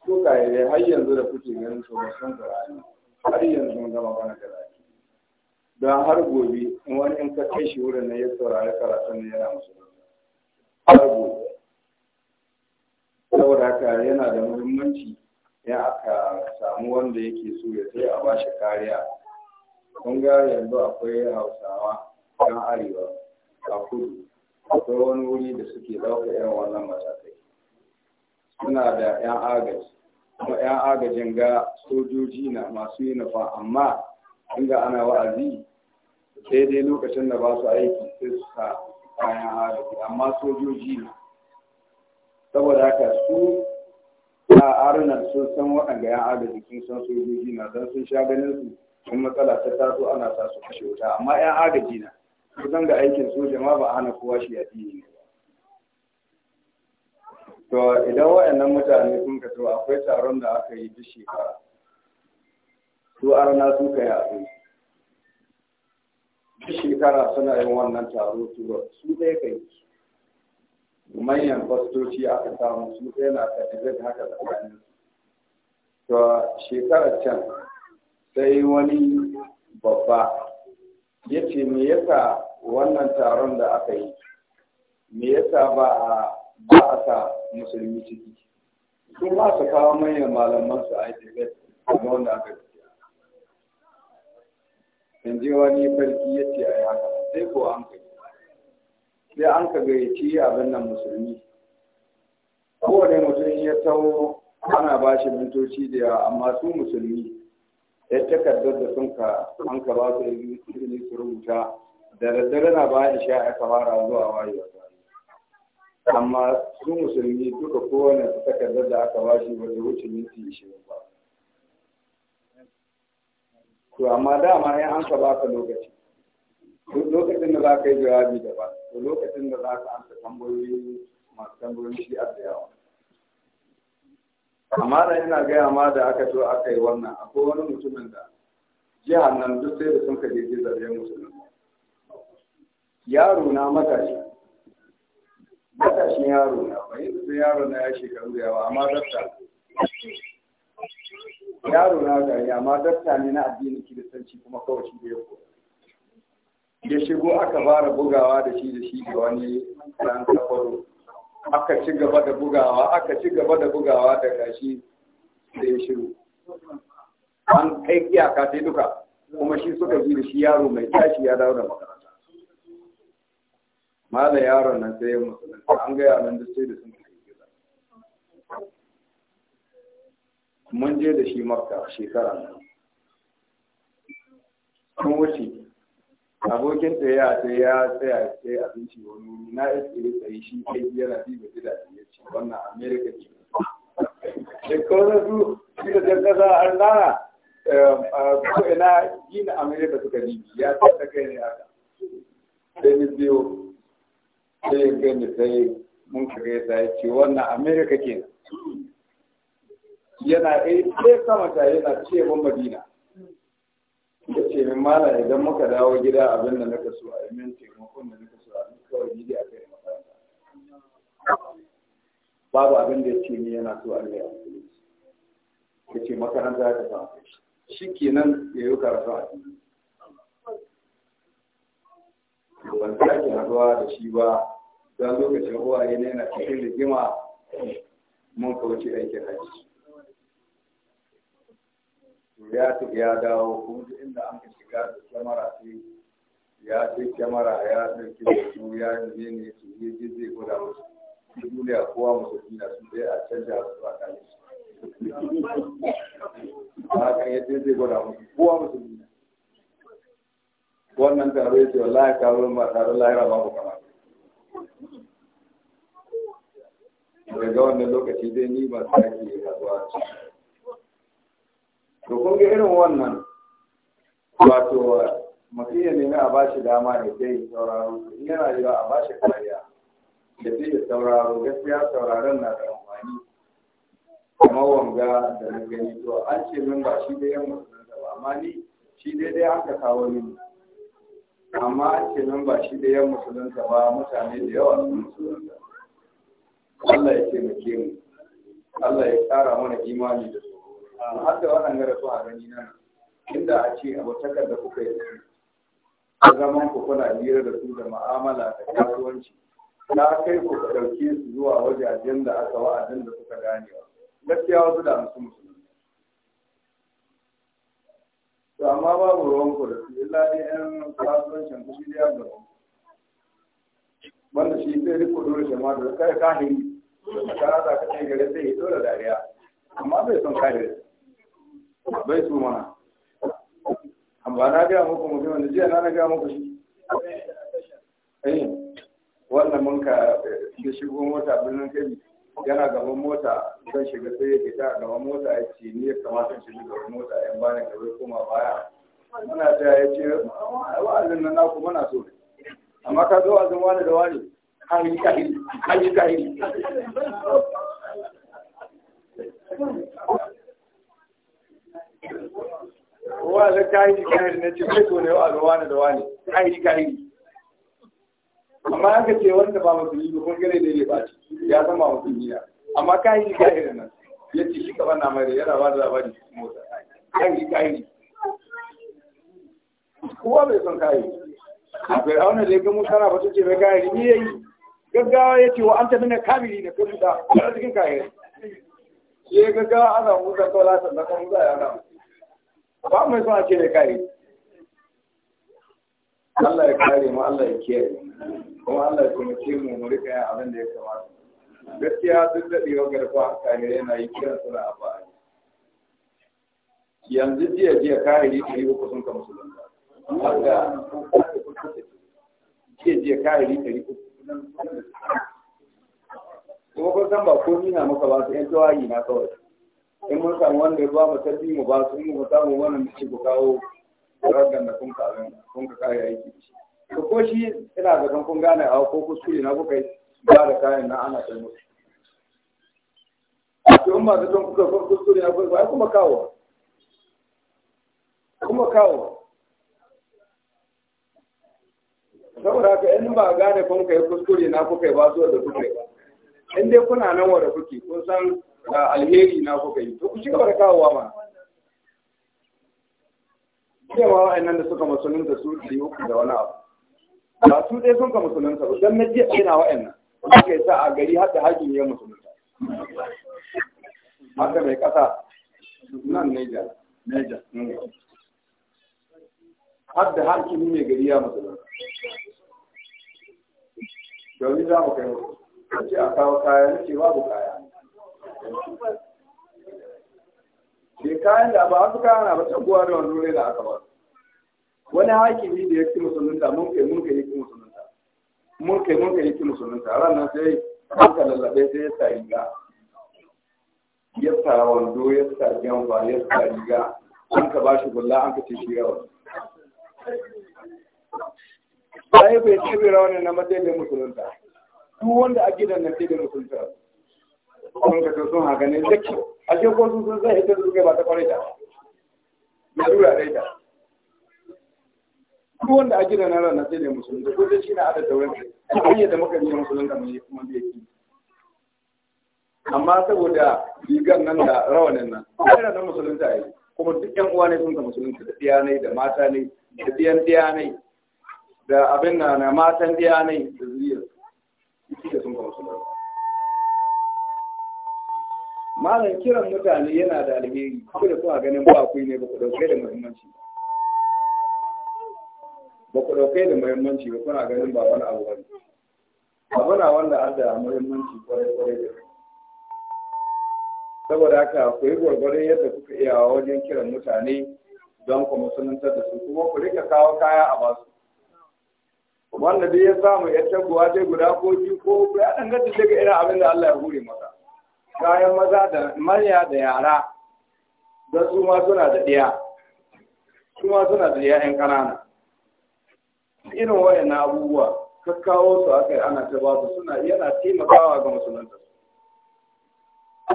ko kai har yanzu da kuke ganin su ba san qur'ani har yanzu mun gama bana gara don har gobe in wani in ka kai shi wurin na ya saurari karatun na yana musu har gobe saboda haka yana da muhimmanci ya aka samu wanda yake so ya sai a bashi kariya kun ga yanzu akwai hausawa kan arewa a kudu akwai wani wuri da suke ɗauka irin wannan matakai suna da yan agaji kuma yan agajin ga sojoji na masu yi nufa amma inda ana wa'azi daidai lokacin da ba su aiki sai su sa kayan haraji amma sojoji ne saboda haka su a arunan sun san waɗanda yan agaji sun san sojoji na don sun sha ganin su sun matsala ta taso ana sa su kashe wuta amma yan agaji na kusan ga aikin soja ma ba a hana kowa shi ya ne to idan waɗannan mutane sun ka akwai taron da aka yi duk shekara su arna su ka yi duk shekara suna yin wannan taro tura su ɗaya kai manyan fastoci aka samu su ɗaya na kadidar haka tsakanin to shekarar can sai wani babba ya ce me yasa wannan taron da aka yi me yasa ba a ba a sa musulmi ciki su ma su kawo manyan malaman su a yi wanda aka yi in je wani farki ya ce a haka sai ko an kai sai an ka gayyaci abin nan musulmi kowane mutum ya taho ana ba shi mintoci da yawa amma su musulmi ya takardar da sun ka an ka ba su izini su rubuta da daddare na bayan sha aka fara zuwa wayewa amma su musulmi duka kowane takardar da aka ba shi ba wuce minti ishirin ba to amma dama ya an ka baka lokaci lokacin da za ka yi jawabi ba, to lokacin da za ka amsa tambayoyi masu tambayoyi shi a da yawa amma da ina gaya ma da aka so aka yi wannan akwai wani mutumin da jihar nan duk sai da sun ka je zarge musulun yaro na matashi matashin yaro na bayan da yaro na ya shekaru da yawa amma zafta yaro na gari amma dakta ne na addinin kiristanci kuma kawai shi da ya koya ya shigo aka fara bugawa da shi da shi da wani ran safaro aka ci gaba da bugawa aka ci gaba da bugawa da gashi da ya shiru an kai iyaka sai duka kuma shi suka ji da shi yaro mai tashi ya dawo da makaranta mala yaron nan sai musulunta an ga yaron da sai da sun mun je da shi makka shekara nan sun wuce abokin ya ce, ya tsaya sai abinci wani wuri na iskiri tsaye shi kai na biyu da gida da ya ce wannan america ke da kawai su suka da kasa har nana eh, ko ina gina america suka bi ya tsaka kai ne haka sai ni biyo sai ya kai ni sai mun kaga ya ce wannan america ke yana ɗaya eh, sama ta yana ce ban madina ya ce min mala idan muka dawo gida abin da naka so a yi min taimakon da naka so a yi kawai gidi a kai makaranta babu abin da ya ce ni yana so a yi a ya ce makaranta ya tafi shi ke nan ya yi karatu a cikin ban sake haɗuwa da shi ba don lokacin ruwa yana cikin rigima mun kawace aikin hajji ya tafi ya dawo kuma duk inda an shiga da kyamara sai ya ce kyamara ya ɗauki da su ya yi ne su yi je zai gwada musu duniya kowa musu na su dai a canja su a kan su a hakan ya je zai gwada musu kowa musu na wannan taro ya ce wallahi taro ma taro lahira ba mu kama daga wannan lokaci zai ni ba sa ke haɗuwa cikin to kun ga irin wannan wato mutum ya nemi a bashi dama da ke sauraro in yana yiwa a bashi kariya da zai sauraro gaskiya sauraron na da amfani kamar wanga da na gani to an ce min ba shi dai yan musulunta ba amma ni shi dai dai aka kawo mini amma an ce min ba shi dai yan musulunta ba mutane da yawa sun musulunta Allah ya ce mu Allah ya tsara mana imani da su har da waɗanda da su a gani nan inda a ce abotakar da kuka yi a zaman ku kuna hira da su da ma'amala da kasuwanci na kai ku ɗauke su zuwa wajajen da aka wa'adin da suka ganewa gaskiya wasu da amsu musulmi to amma babu ruwan ku da su illa dai yan kasuwancin ku shi da ya gaba wanda shi sai riko dole shi ma da kai ka da ka za ka kai gare sai ya dole dariya amma bai son kare bai su mana amma na gaya muku mutum wanda jiya na na gaya muku shi eh, wannan mun ka ke shigo mota birnin kabi yana gaban mota zan shiga sai ya fita gaban mota ya ce ni ya kamata shi gaban mota yan bani gaba koma baya muna ta ya ce wa'azin nan naku muna so amma ka zo wa'azin wani da wani an yi kahiri an yi kahiri wa da kahiri kahiri na ce kai to ne wa da wani da wani kahiri kahiri amma aka ce wanda ba musulmi yi, ko gare daidai ba ce ya zama musulmi ya amma kahiri kahiri nan ya ce shi kaban na mai yana ba da labari motsa kahiri kahiri kowa bai son kahiri a fir'auna da ya ga musa na ba su ce bai kahiri ni yayi gaggawa ya ce wa an tafi na kamili da kuma da cikin kahiri sai gaggawa ana musa kawai lasan da kan musa ya ba mai suna ce da kare Allah ya kare mu Allah ya kiyaye kuma Allah ya kuma mu mu rika yin abin da ya kamata gaskiya duk daɗewa garfa a kare yana yi kiran suna a ba'a yanzu jiya jiya kayayyaki ɗari uku sun ka musulunta da jiya jiya kayayyaki ɗari uku kuma kun san ba na maka ba su 'yan tawayi na kawai in mun samu wanda ba mu tarbi mu ba su in mu wannan mu ku kawo ragan da kun ka kun ka kare aiki to ko shi ina da kan kun gane a ko kuskure na kuka yi ba da kayan na ana kai musu to in ba da don kuka kun kuskure na kuka ba kuma kawo kuma kawo saboda haka in ba gane kun kai kuskure na kuka ba so da kuka ba in dai kuna nan wa da kuke kun san alheri na kuka yi to ku ci gaba da kawowa ma cewa wa'annan da suka musulunta su yi uku da wani abu ba su dai sun ka musulunta ba don na jiya ina wa'annan aka yi sa a gari har da hakin ya musulunta haka mai ƙasa nan Niger Niger mm. har da hakin mai gari ya musulunta domin za mu kai wasu a kawo kayan. ce babu kaya Ke kayan da ba su kayan na ba taguwa da wani rai da aka ba. Wani hakimi da ya ci musulunta mun kai mun kai ya ci musulunta. Mun kai mun kai ya ci musulunta ranar sai aka lallabe sai ya sa riga. Ya sa wando ya sa gyamba ya sa riga. An ka ba shi gulla an ka ce shi yawa. Sai bai ce bai rawanin na matsayin musulunta. Duk wanda a gidan na sai da musulunta. sun ka sun haka ne a ce sun san wanda a gidan nan na shi na wurin yi da muka yi yi kuma amma saboda rigan nan da rawanin nan yana nan musulunci a yi kuma duk yan uwa ne sun ka musulunci da ɗiya ne da mata ne da ne da abin na na matan ɗiya ne da zuriyar malam kiran mutane yana da alheri ko da kuwa ganin ba ku ne ba ku dauke da muhimmanci ba ku dauke da muhimmanci ba kuna ganin ba wani abu bane abu na wanda an da muhimmanci kwarai kwarai da saboda haka ku yi gwargwaron yadda kuka iya wajen kiran mutane don ku musuluntar da su kuma ku rika kawo kaya a basu wanda dai ya samu ya taguwa dai guda ko biyu ko ya danganta daga irin abin da Allah ya hure masa kayan maza da marya da yara don su ma suna da ɗiya su ma suna da ɗiya 'yan ƙanana irin na abubuwa kawo su aka yi ana ta ba su suna yana taimakawa ga musulunta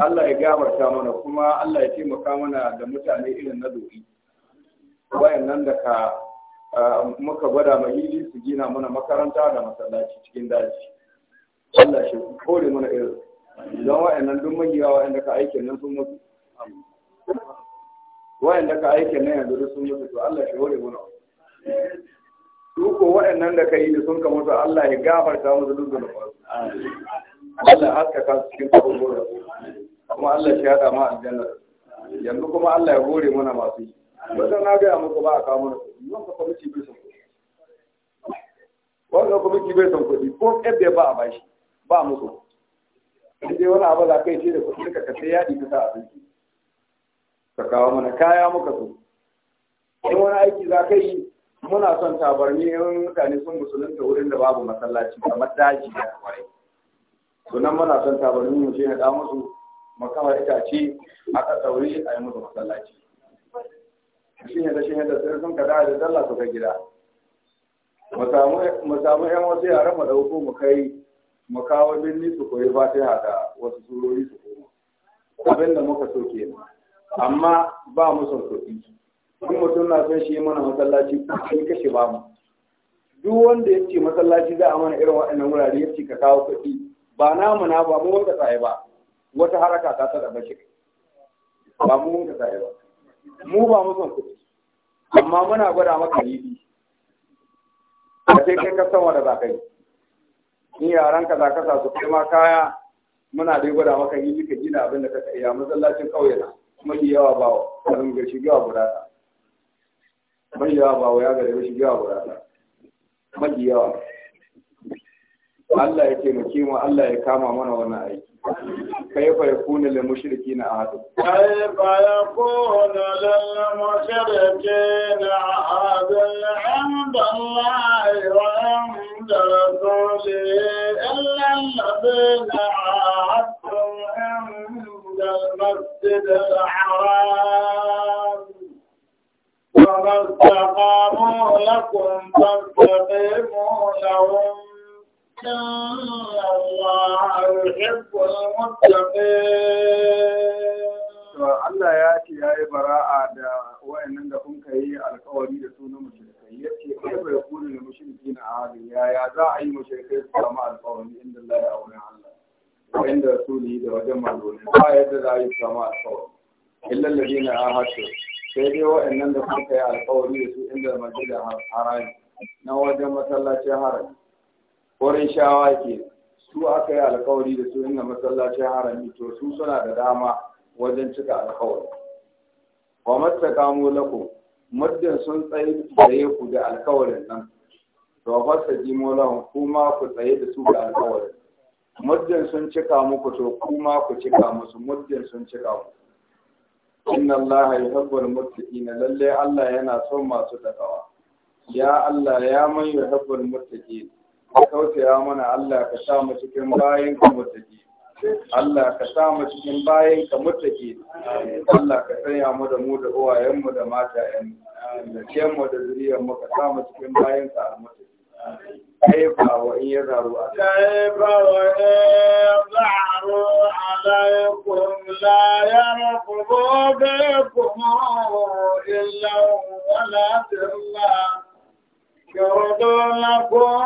Allah ya gabarta mana kuma Allah ya taimaka mana da mutane irin na doki wayan nan da ka muka gwada mahili su gina mana makaranta da masallaci cikin daji Allah shi kore mana irin don wa'annan duk magiya wa'anda ka aikin nan sun mutu wa'anda ka aikin nan yanzu duk sun mutu to Allah shi hore mana su ko wa'annan da ka yi da sun kamata Allah ya gafarta musu duk da Allah haskaka cikin kaburbura kuma Allah shi haɗa ma aljanna yanzu kuma Allah ya hore mana masu yi wajen na gaya muku ba a kawo mana kuɗi wanda kwamiti bai son kuɗi wanda kwamiti bai son kuɗi ko ƙyar ba a bashi ba musu in dai wani abu za ka yi ce da kuɗi ka kasai yaɗi ka sa abinci ka kawo mana kaya muka so in wani aiki za ka yi muna son tabarni yawan mutane sun musulunta wurin da babu masallaci kamar daji da kwarai sunan muna son tabarni mu ce na da musu makawa itace a ɗaɗɗaure a yi musu masallaci shi ne da shi ne da sai sun kada da dalla su ka gida mu samu yan wasu yaran mu ɗauko mu kai makawo birni su koyi fatiha da wasu surori su koma abin da muka so ke amma ba mu son kuɗi in mutum na son shi mana masallaci kuɗi kashe ba mu duk wanda ya ce masallaci za a mana irin waɗannan wurare ya ce ka kawo kuɗi ba namu na ba mu wanda tsaye ba wata haraka ta ta gaba shi ba mu wanda tsaye ba mu ba mu son kuɗi amma muna gwada maka yi a sai kai ka san wanda za ka yi in yaran ka za ka sa su kai ma kaya muna dai gwada maka yi ka gina abin da ka iya masallacin ƙauye na yi yawa ba wa ga yawa guda ta yi yawa ba wa ya gare shigewa guda ta mafi yawa Allah ya taimake mu Allah ya kama mana wannan aiki kayfa yakuna lil mushrikeena ahad kayfa yakuna lil mushrikeena ahad inda Allah wa inda rasulihi illa alladhina ahadtum inda al-masjid al-haram وما استقاموا لكم فاستقيموا لهم Allah ya ce ya yi bara'a da wa'annan da kun yi alkawari da sunan mashirkai ya ce kai bai kuni da mashirki na ahadin yaya za a yi mashirkai su samu alkawari inda Allah ya aure Allah wayan da ne da wajen malone ba yadda za a yi samu alkawari illa a hasho sai dai wa'annan da kun yi alkawari da su inda masjidil harari na wajen masallacin harari ƙorin shawa ke su aka yi alkawari da su inda masallacin harami to su suna da dama wajen cika alkawari wa mattaka kamo lako muddin sun tsaye ya ku da alkawarin nan to fasta jimo lahum kuma ku tsaye da su da alkawarin muddin sun cika muku to kuma ku cika musu muddin sun cika ku inna allaha yuhibbul muttaqina lalle Allah yana son masu takawa ya Allah ya man yuhibbul muttaqina ka tausaya mana Allah ka sa mu cikin bayan ka mutaki Allah ka sa mu cikin bayan ka mutaki Allah ka sanya mu da mu da uwayen mu da mata matayen da ciyan mu da zuriyar mu ka sa mu cikin bayan ka mutaki كيف وإن يظهروا كيف وإن يظهروا عليكم لا يرقبوا بكم إلا ولا ذمة يردونكم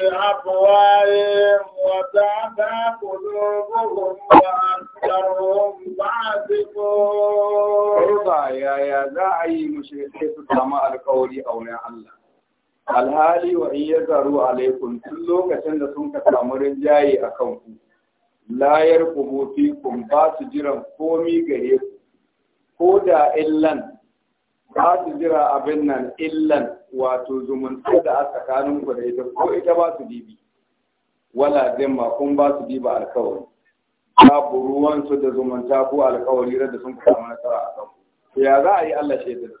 بأقوالهم وتعبى قلوبهم وأكثرهم فاسقون رضا يا يا زعي مشركي سكما القول a يا Allah? alhali wa in ya zaru alaikum tun lokacin da sun ka samu rinjaye a kanku layar kubofikun ba su jiran komi gare ku ko da illan ba su jira abin nan illan wato zumunta da a tsakanin ku da ita ko ita ba su dibi wala zimma kun ba su diba alkawari babu ruwan su da zumunta ko alkawari da sun samu nasara a kan ya za a yi Allah shaida da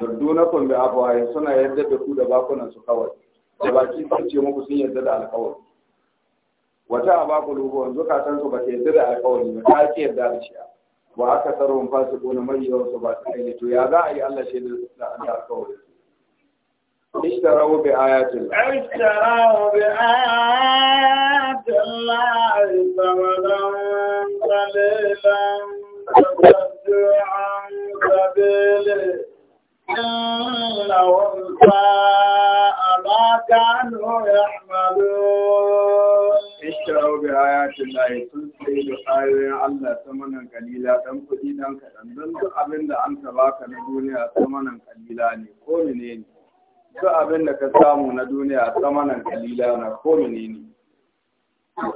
su na kun bi abuwaye suna yadda da ku da bakunan su kawai da baki sun ce muku sun yarda da alkawari wata a baku ka zukatan su ba ta yadda da alkawari ba ta ki yadda da shi a وأكثرهم فاسقون مجيه وصبات يا داعي الله شهد الإسلام اشتروا بآيات الله اشتروا بآيات الله ثمنا قليلا عن سبيله إنهم ساء ما كانوا يحملون sharawa bi ayatin lahi sun sai da ayoyin Allah ta manan kalila dan kuɗi dan kaɗan don duk abin da an ka na duniya ta manan kalila ne ko menene duk abin da ka samu na duniya ta manan kalila na ko su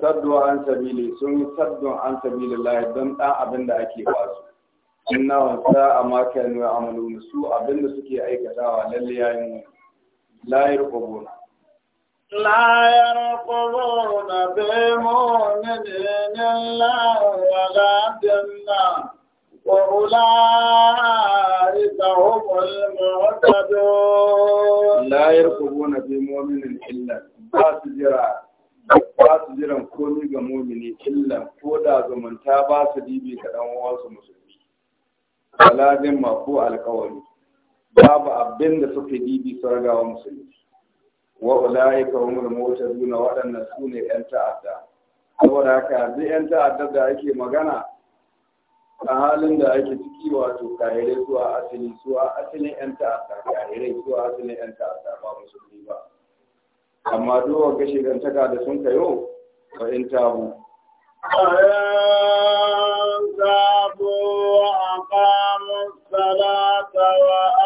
saddu an sabili sun yi saddu an sabili lahi don ɗan abin da ake basu inna wasa a makar nuna amalu su abin da suke aikatawa lalle yayin layar kogona لا يرقبون بمؤمن إلا ولا وأولئك هم المعتدون لا يرقبون بمؤمن إلا ba su jiran komi ga mumini illa ko da zumunta ba su dibi ga wasu ko alkawari babu abinda dibi su ragawa musulmi wa ulaika humul mu'tadun waɗannan su ne yan ta'adda saboda haka duk yan ta'adda da ake magana a halin da ake ciki wato kahire zuwa asali zuwa asalin yan ta'adda kahire zuwa asalin yan ta'adda ba musulmi ba amma duk wa kashe taka da sun kayo ba in tabu أيان تابوا وأقاموا salata wa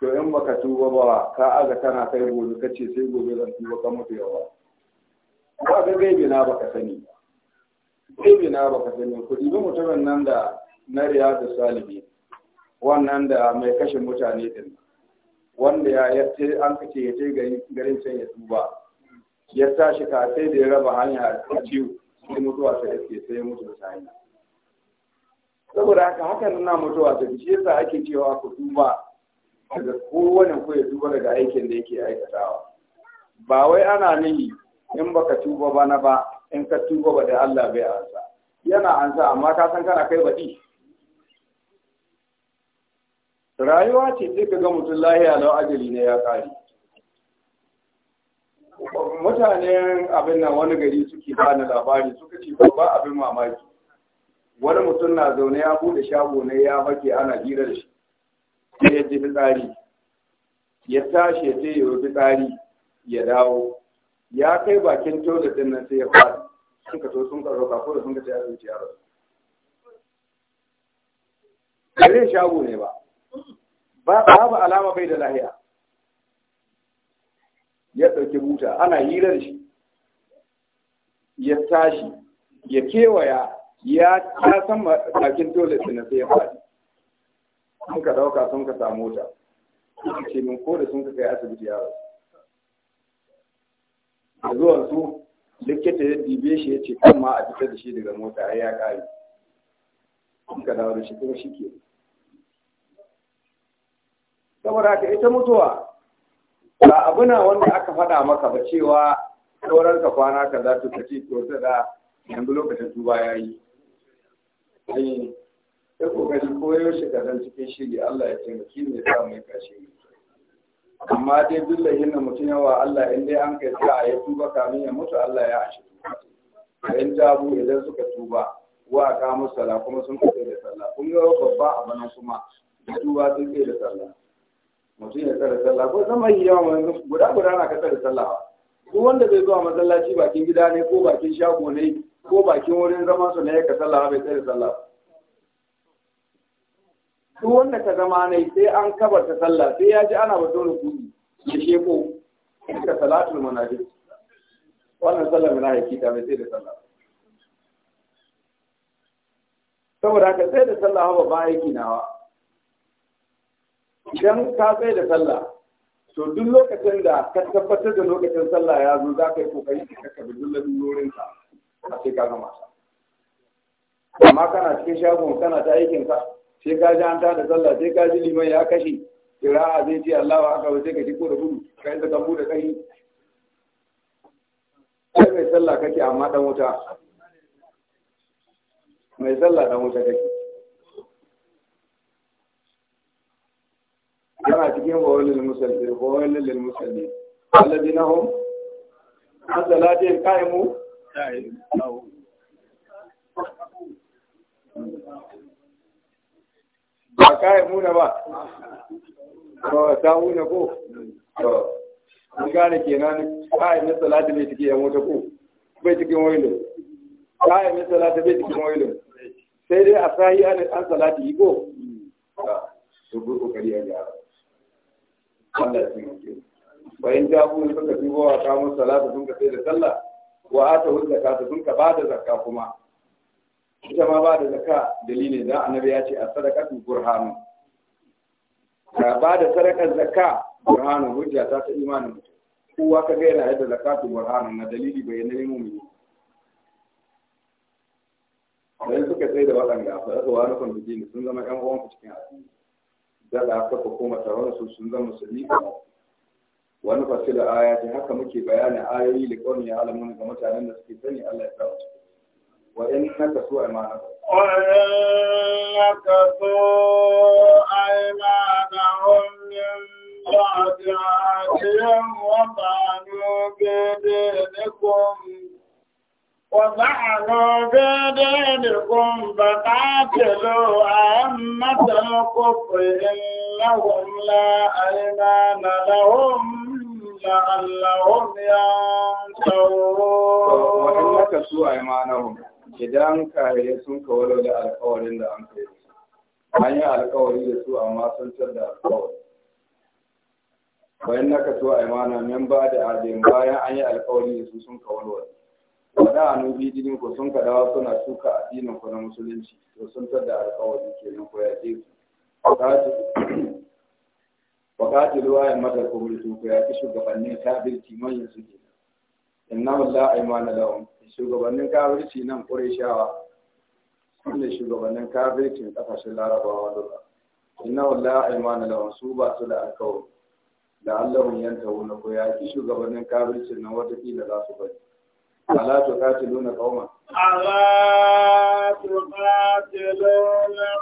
to in baka tuba ba ka aga tana kai gobe kace sai gobe zan tuba ka mutu yawa ba ga gaibe na baka sani gaibe na baka sani ku dibi mutumin nan da na riyadu salibi wannan da mai kashe mutane din wanda ya yace an kace ya je garin can ya tuba ya tashi ka sai da ya raba hanya a ciwo sai mutuwa ta iske sai mutu ta hanya saboda haka hakan na mutuwa ta shi yasa ake cewa ku tuba daga kowane ku ya duba daga aikin da yake aikatawa ba wai ana nihi in baka tuba ba na ba in ka tuba ba da Allah bai ansa yana ansa amma ka san kana kai baɗi rayuwa ce sai ka ga mutum lahiya lau ajali ne ya kare mutanen abin nan wani gari suke ba na labari suka ce ba abin mamaki wani mutum na zaune ya bude shago ne ya bake ana hira da shi sai ya ji fitsari ya tashi ya ce ya fitsari ya dawo ya kai bakin tola din nan sai ya faɗi sun ka to sun ka roƙa ko da sun ka tsaye ya zuci kare shago ne ba babu alama bai da lahiya ya ɗauki buta ana hirar shi ya tashi ya kewaya ya san bakin tola din nan sai ya faɗi sun ka dauka sun ka samu ta suka ce min ko da sun ka kai asibiti yaro a zuwan su likita ya dibe shi ya ce kan ma a fitar da shi daga mota ai ya kare sun ka dawo da shi kuma shi ke saboda haka ita mutuwa ba abu na wanda aka faɗa maka ba cewa sauran ka kwana ka za ta kace to da yanzu lokacin ya yi. sai kokari koyo shi kadan cikin shiri Allah ya taimaki mai sa mai kashi amma dai billahin na mutum yawa Allah in dai an kai sa ya tuba kamin ya mutu Allah ya ashe. a yin jabu idan suka tuba wa kama sala kuma sun kai da sallah kun ga babba abana kuma tuba sun kai da sallah mutum ya tsara sallah ko zama yi yawa yanzu guda guda na ka da sallah duk wanda bai zuwa masallaci bakin gida ne ko bakin shago ne ko bakin wurin zama su ne ya ka sallah bai tsara sallah duk wanda ka zama ne sai an ta sallah sai ya ji ana ba dole kudi ya sheko ka salatul munajat wannan sallah muna yaki ta mai sai da sallah saboda haka sai da sallah hawa ba aiki nawa idan ka sai da sallah to duk lokacin da ka tabbatar da lokacin sallah ya zo za ka yi kokari ka kabi duk ka a sai ka gama amma kana cikin shagon kana ta aikin ka sai ka ji an tada sallah sai ka ji liman ya kashe a zai ce Allah wa aka sai ka ji ko da gudu ka yi zaka bude kai kai mai sallah kake amma dan wuta mai sallah dan wuta kake yana cikin bawalin musalli bawalin lil musalli alladina hum an salatin qaimu ba muna ba ba na ko mun gane kenan ka'imin salati ne cike yan wata ko bai cikin wailin ka'imin salati bai cikin wailin sai dai a sahi an salati yi ko su bi kokari a gyara Allah ya tsinke bayan jabu ne suka dubo a kamun salatu sun ka sai da sallah wa ata wuce ka sun ka ba da zakka kuma ita ma ba da zaka dalilin da annabi ya ce a sadaqatu burhanu ka ba da sadaqar zakka burhanu hujja ta ta imanin mutum kowa ka ga yana yadda zakatu burhanu na dalili bayyana mu'mini dan suka tsaye da waɗanda fa su wa nufin bidini sun zama ƴan uwan ku cikin addini da da aka koma taron su sun zama musulmi wani fasila ayati haka muke bayani ayoyi da kawai ya alamu ga mutanen da suke sani Allah ya sa su وإن نكثوا أيمانهم وإن نكثوا أيمانهم من بعد عهدهم وطعنوا بدينكم وطعنوا بدينكم فقاتلوا أئمة الكفر إنهم لا أيمان لهم لعلهم ينصرون وإن نكثوا أيمانهم idan kare sun ka walau da alkawarin da an kai an yi alkawari da su amma sun tar da alkawari bayan naka so a imana min ba da adin bayan an yi alkawari da su sun ka walau wada a nubi dinin ku sun ka dawa suna suka addinin ku na musulunci to sun tar da alkawari kenan ko ya ce su wakati ruwa ya mata kubur su ku ya shugabanni shugabannin kafirci manyan suke inna a imana lahum shugabannin kafirci nan ƙurayshawa sune shugabannin kafircin ƙasashen larabawa duka inna wallahi aymanu lawan su ba su da alkawari da Allahun yanta wuna ko ya ki shugabannin kafircin nan watakila za su bari ala tuqatiluna qauman ala tuqatiluna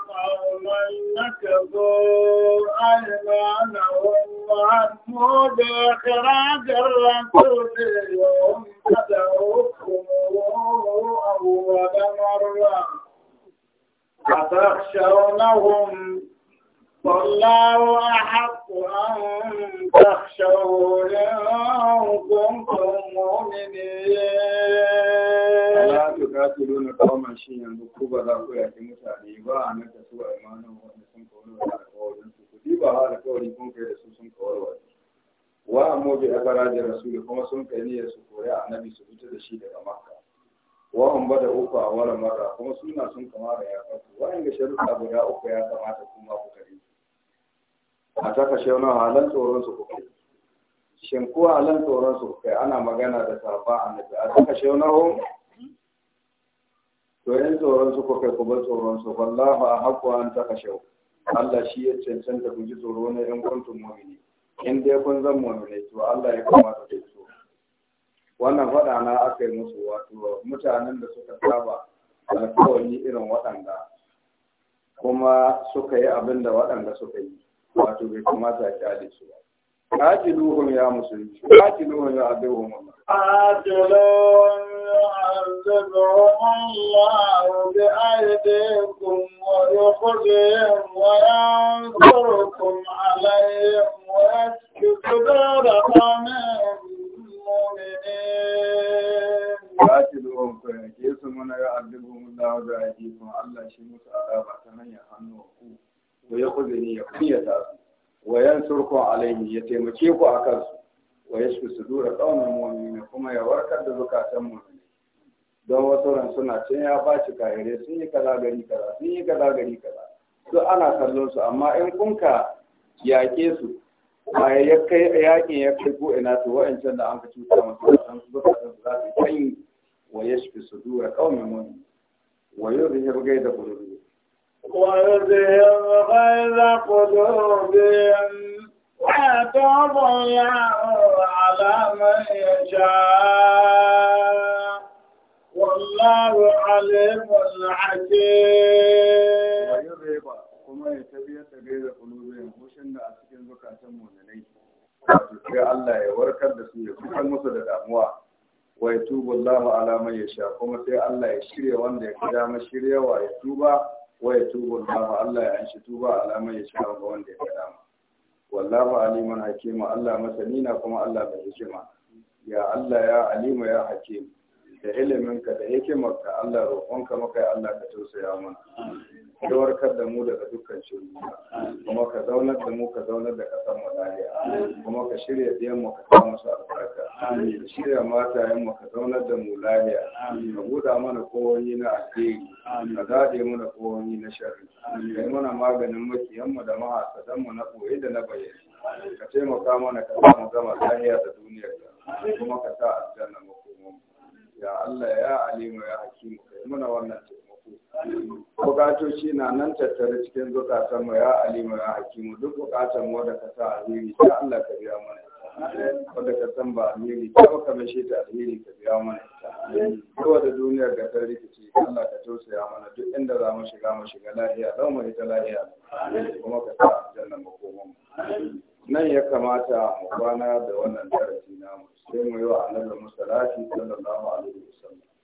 kuma sun kai niyyar su kore annabi su fita da shi daga makka wa an bada uku a wala marra kuma suna sun kama da ya kafu wa'anda sharuɗa guda uku ya kamata kuma ku kare a saka shauna halan tsoron su ku kai shin ko halan tsoron su kai ana magana da a annabi a saka shauna hum to yan tsoron su ku kai ku bar tsoron su wallahi a haƙƙo an saka shau Allah shi ya cancanta ku ji tsoro na yan kuntum mu'mini in dai kun zan mu'minai to Allah ya kamata ku so wannan faɗa na aka yi musu wato mutanen da suka saba alkawari irin waɗanda kuma suka yi abin da waɗanda suka yi wato bai kamata a kyale su ba قاتلوهم يا مسلمين duhun ya عدوهم الله يعذبهم الله بأيديكم ويخزيهم وينصركم عليهم ويسكت دارهم wa ya kuzi ne ya kuyya ta su wa yan surkun alaihi ya taimake ku a kansu wa ya su su dura tsaunin mummuni kuma ya warkar da zukatan mummuni don wasu ran suna can ya ba shi kahire sun yi kaza gari kaza sun yi kaza gari kaza su ana kallon su amma in kun ka yaƙe su a yaƙin ya kai ko ina to wa'ancan da an ka cuta masu san su ba su za su kai wa yashfi sudura qaumin mu'min wa yuzhiru ghayda qulubihim da غيظ قلوبهم ويتوب الله على alamar يشاء والله kuma ya tabiyar da gaira kulubin a cikin zukatan mu'minai wato sai Allah ya warkar da su ya fitar musu da damuwa wa kuma sai Allah ya shirya wanda ya kada shiryawa ya tuba Allah ya anshi tuba ala ya sha ga wanda ya kada ma aliman hakima Allah masani kuma Allah bai hikima ya Allah ya alima ya hakim da ilimin ka da hikimarka Allah roƙonka maka ya Allah ka tausaya mana ka warkar da mu daga dukkan shirya kuma ka zaunar da mu ka zaunar da ƙasar mu lafiya kuma ka shirya biyan mu ka sa musu albarka ka shirya matayen mu ka zaunar da mu lafiya ka buɗa mana kowanne na alheri ka zaɗe mana kowanne na shari'a. ka yi mana maganin makiyan mu da mahasadan mu na ɓoye da na bayyana ka taimaka mana ka sa zama lafiya da duniyar kuma ka sa aljanna mu Allah ya alimu ya hakimu kai muna wannan bukatoci na nan tattare cikin zukatan mu ya alimu ya hakimu duk bukatan mu da ka sa alheri ta Allah ka biya mana wanda ka san ba alheri ta ba ka shi ta alheri ka biya mana kowa da duniyar da ta rikici Allah ka tausaya mana duk inda za mu shiga mu shiga lahiya za mu ita lahiya kuma ka sa aljanna mu koma mu nan ya kamata mu kwana da wannan darasi namu sai mu yi wa annabi musallati sallallahu alaihi wasallam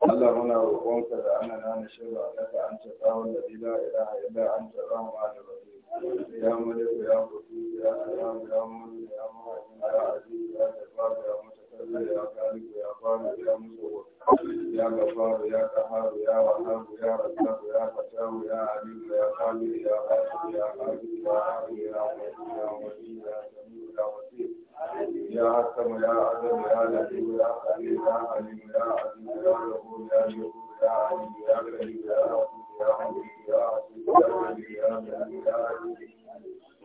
Allah muna roƙonka da anana na shirya annaka an ta tsawon da ila ilaha illa an ta rahama da rahim ya maliku ya kudu ya salamu ya mulki ya mahaifin ya aziz ya jabbar ya mutu Allah ya kaliku ya faru ya musawa ya gafaru ya kaharu ya wahabu ya rasabu ya fatahu ya alimu ya kaliku ya hasu ya ya hasu ya hasu ya ya sami ya wasi ya ya azamu ya lafiyu ya ya alimu ya azimu ya ya yuhu ya alimu ya ya hasu ya hasu ya hasu ya wani ya sami ya hasu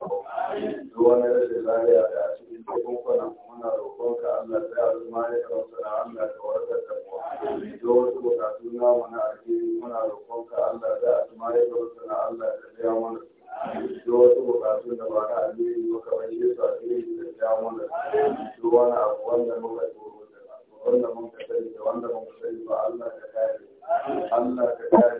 duk wani rashin lafiya da a cikin cikin kwanan muna roƙonka Allah sai yi azumari da wasu na Allah ta warkar da mu duk wasu bukatu na mana alheri muna roƙonka Allah sai yi azumari da wasu na Allah ta biya mana duk wasu bukatu da ba na alheri muka bayyana su alheri ta biya mana duk wani abu wanda muka tsoro wanda muka sani da wanda muka sani ba Allah ka kare Allah ka kare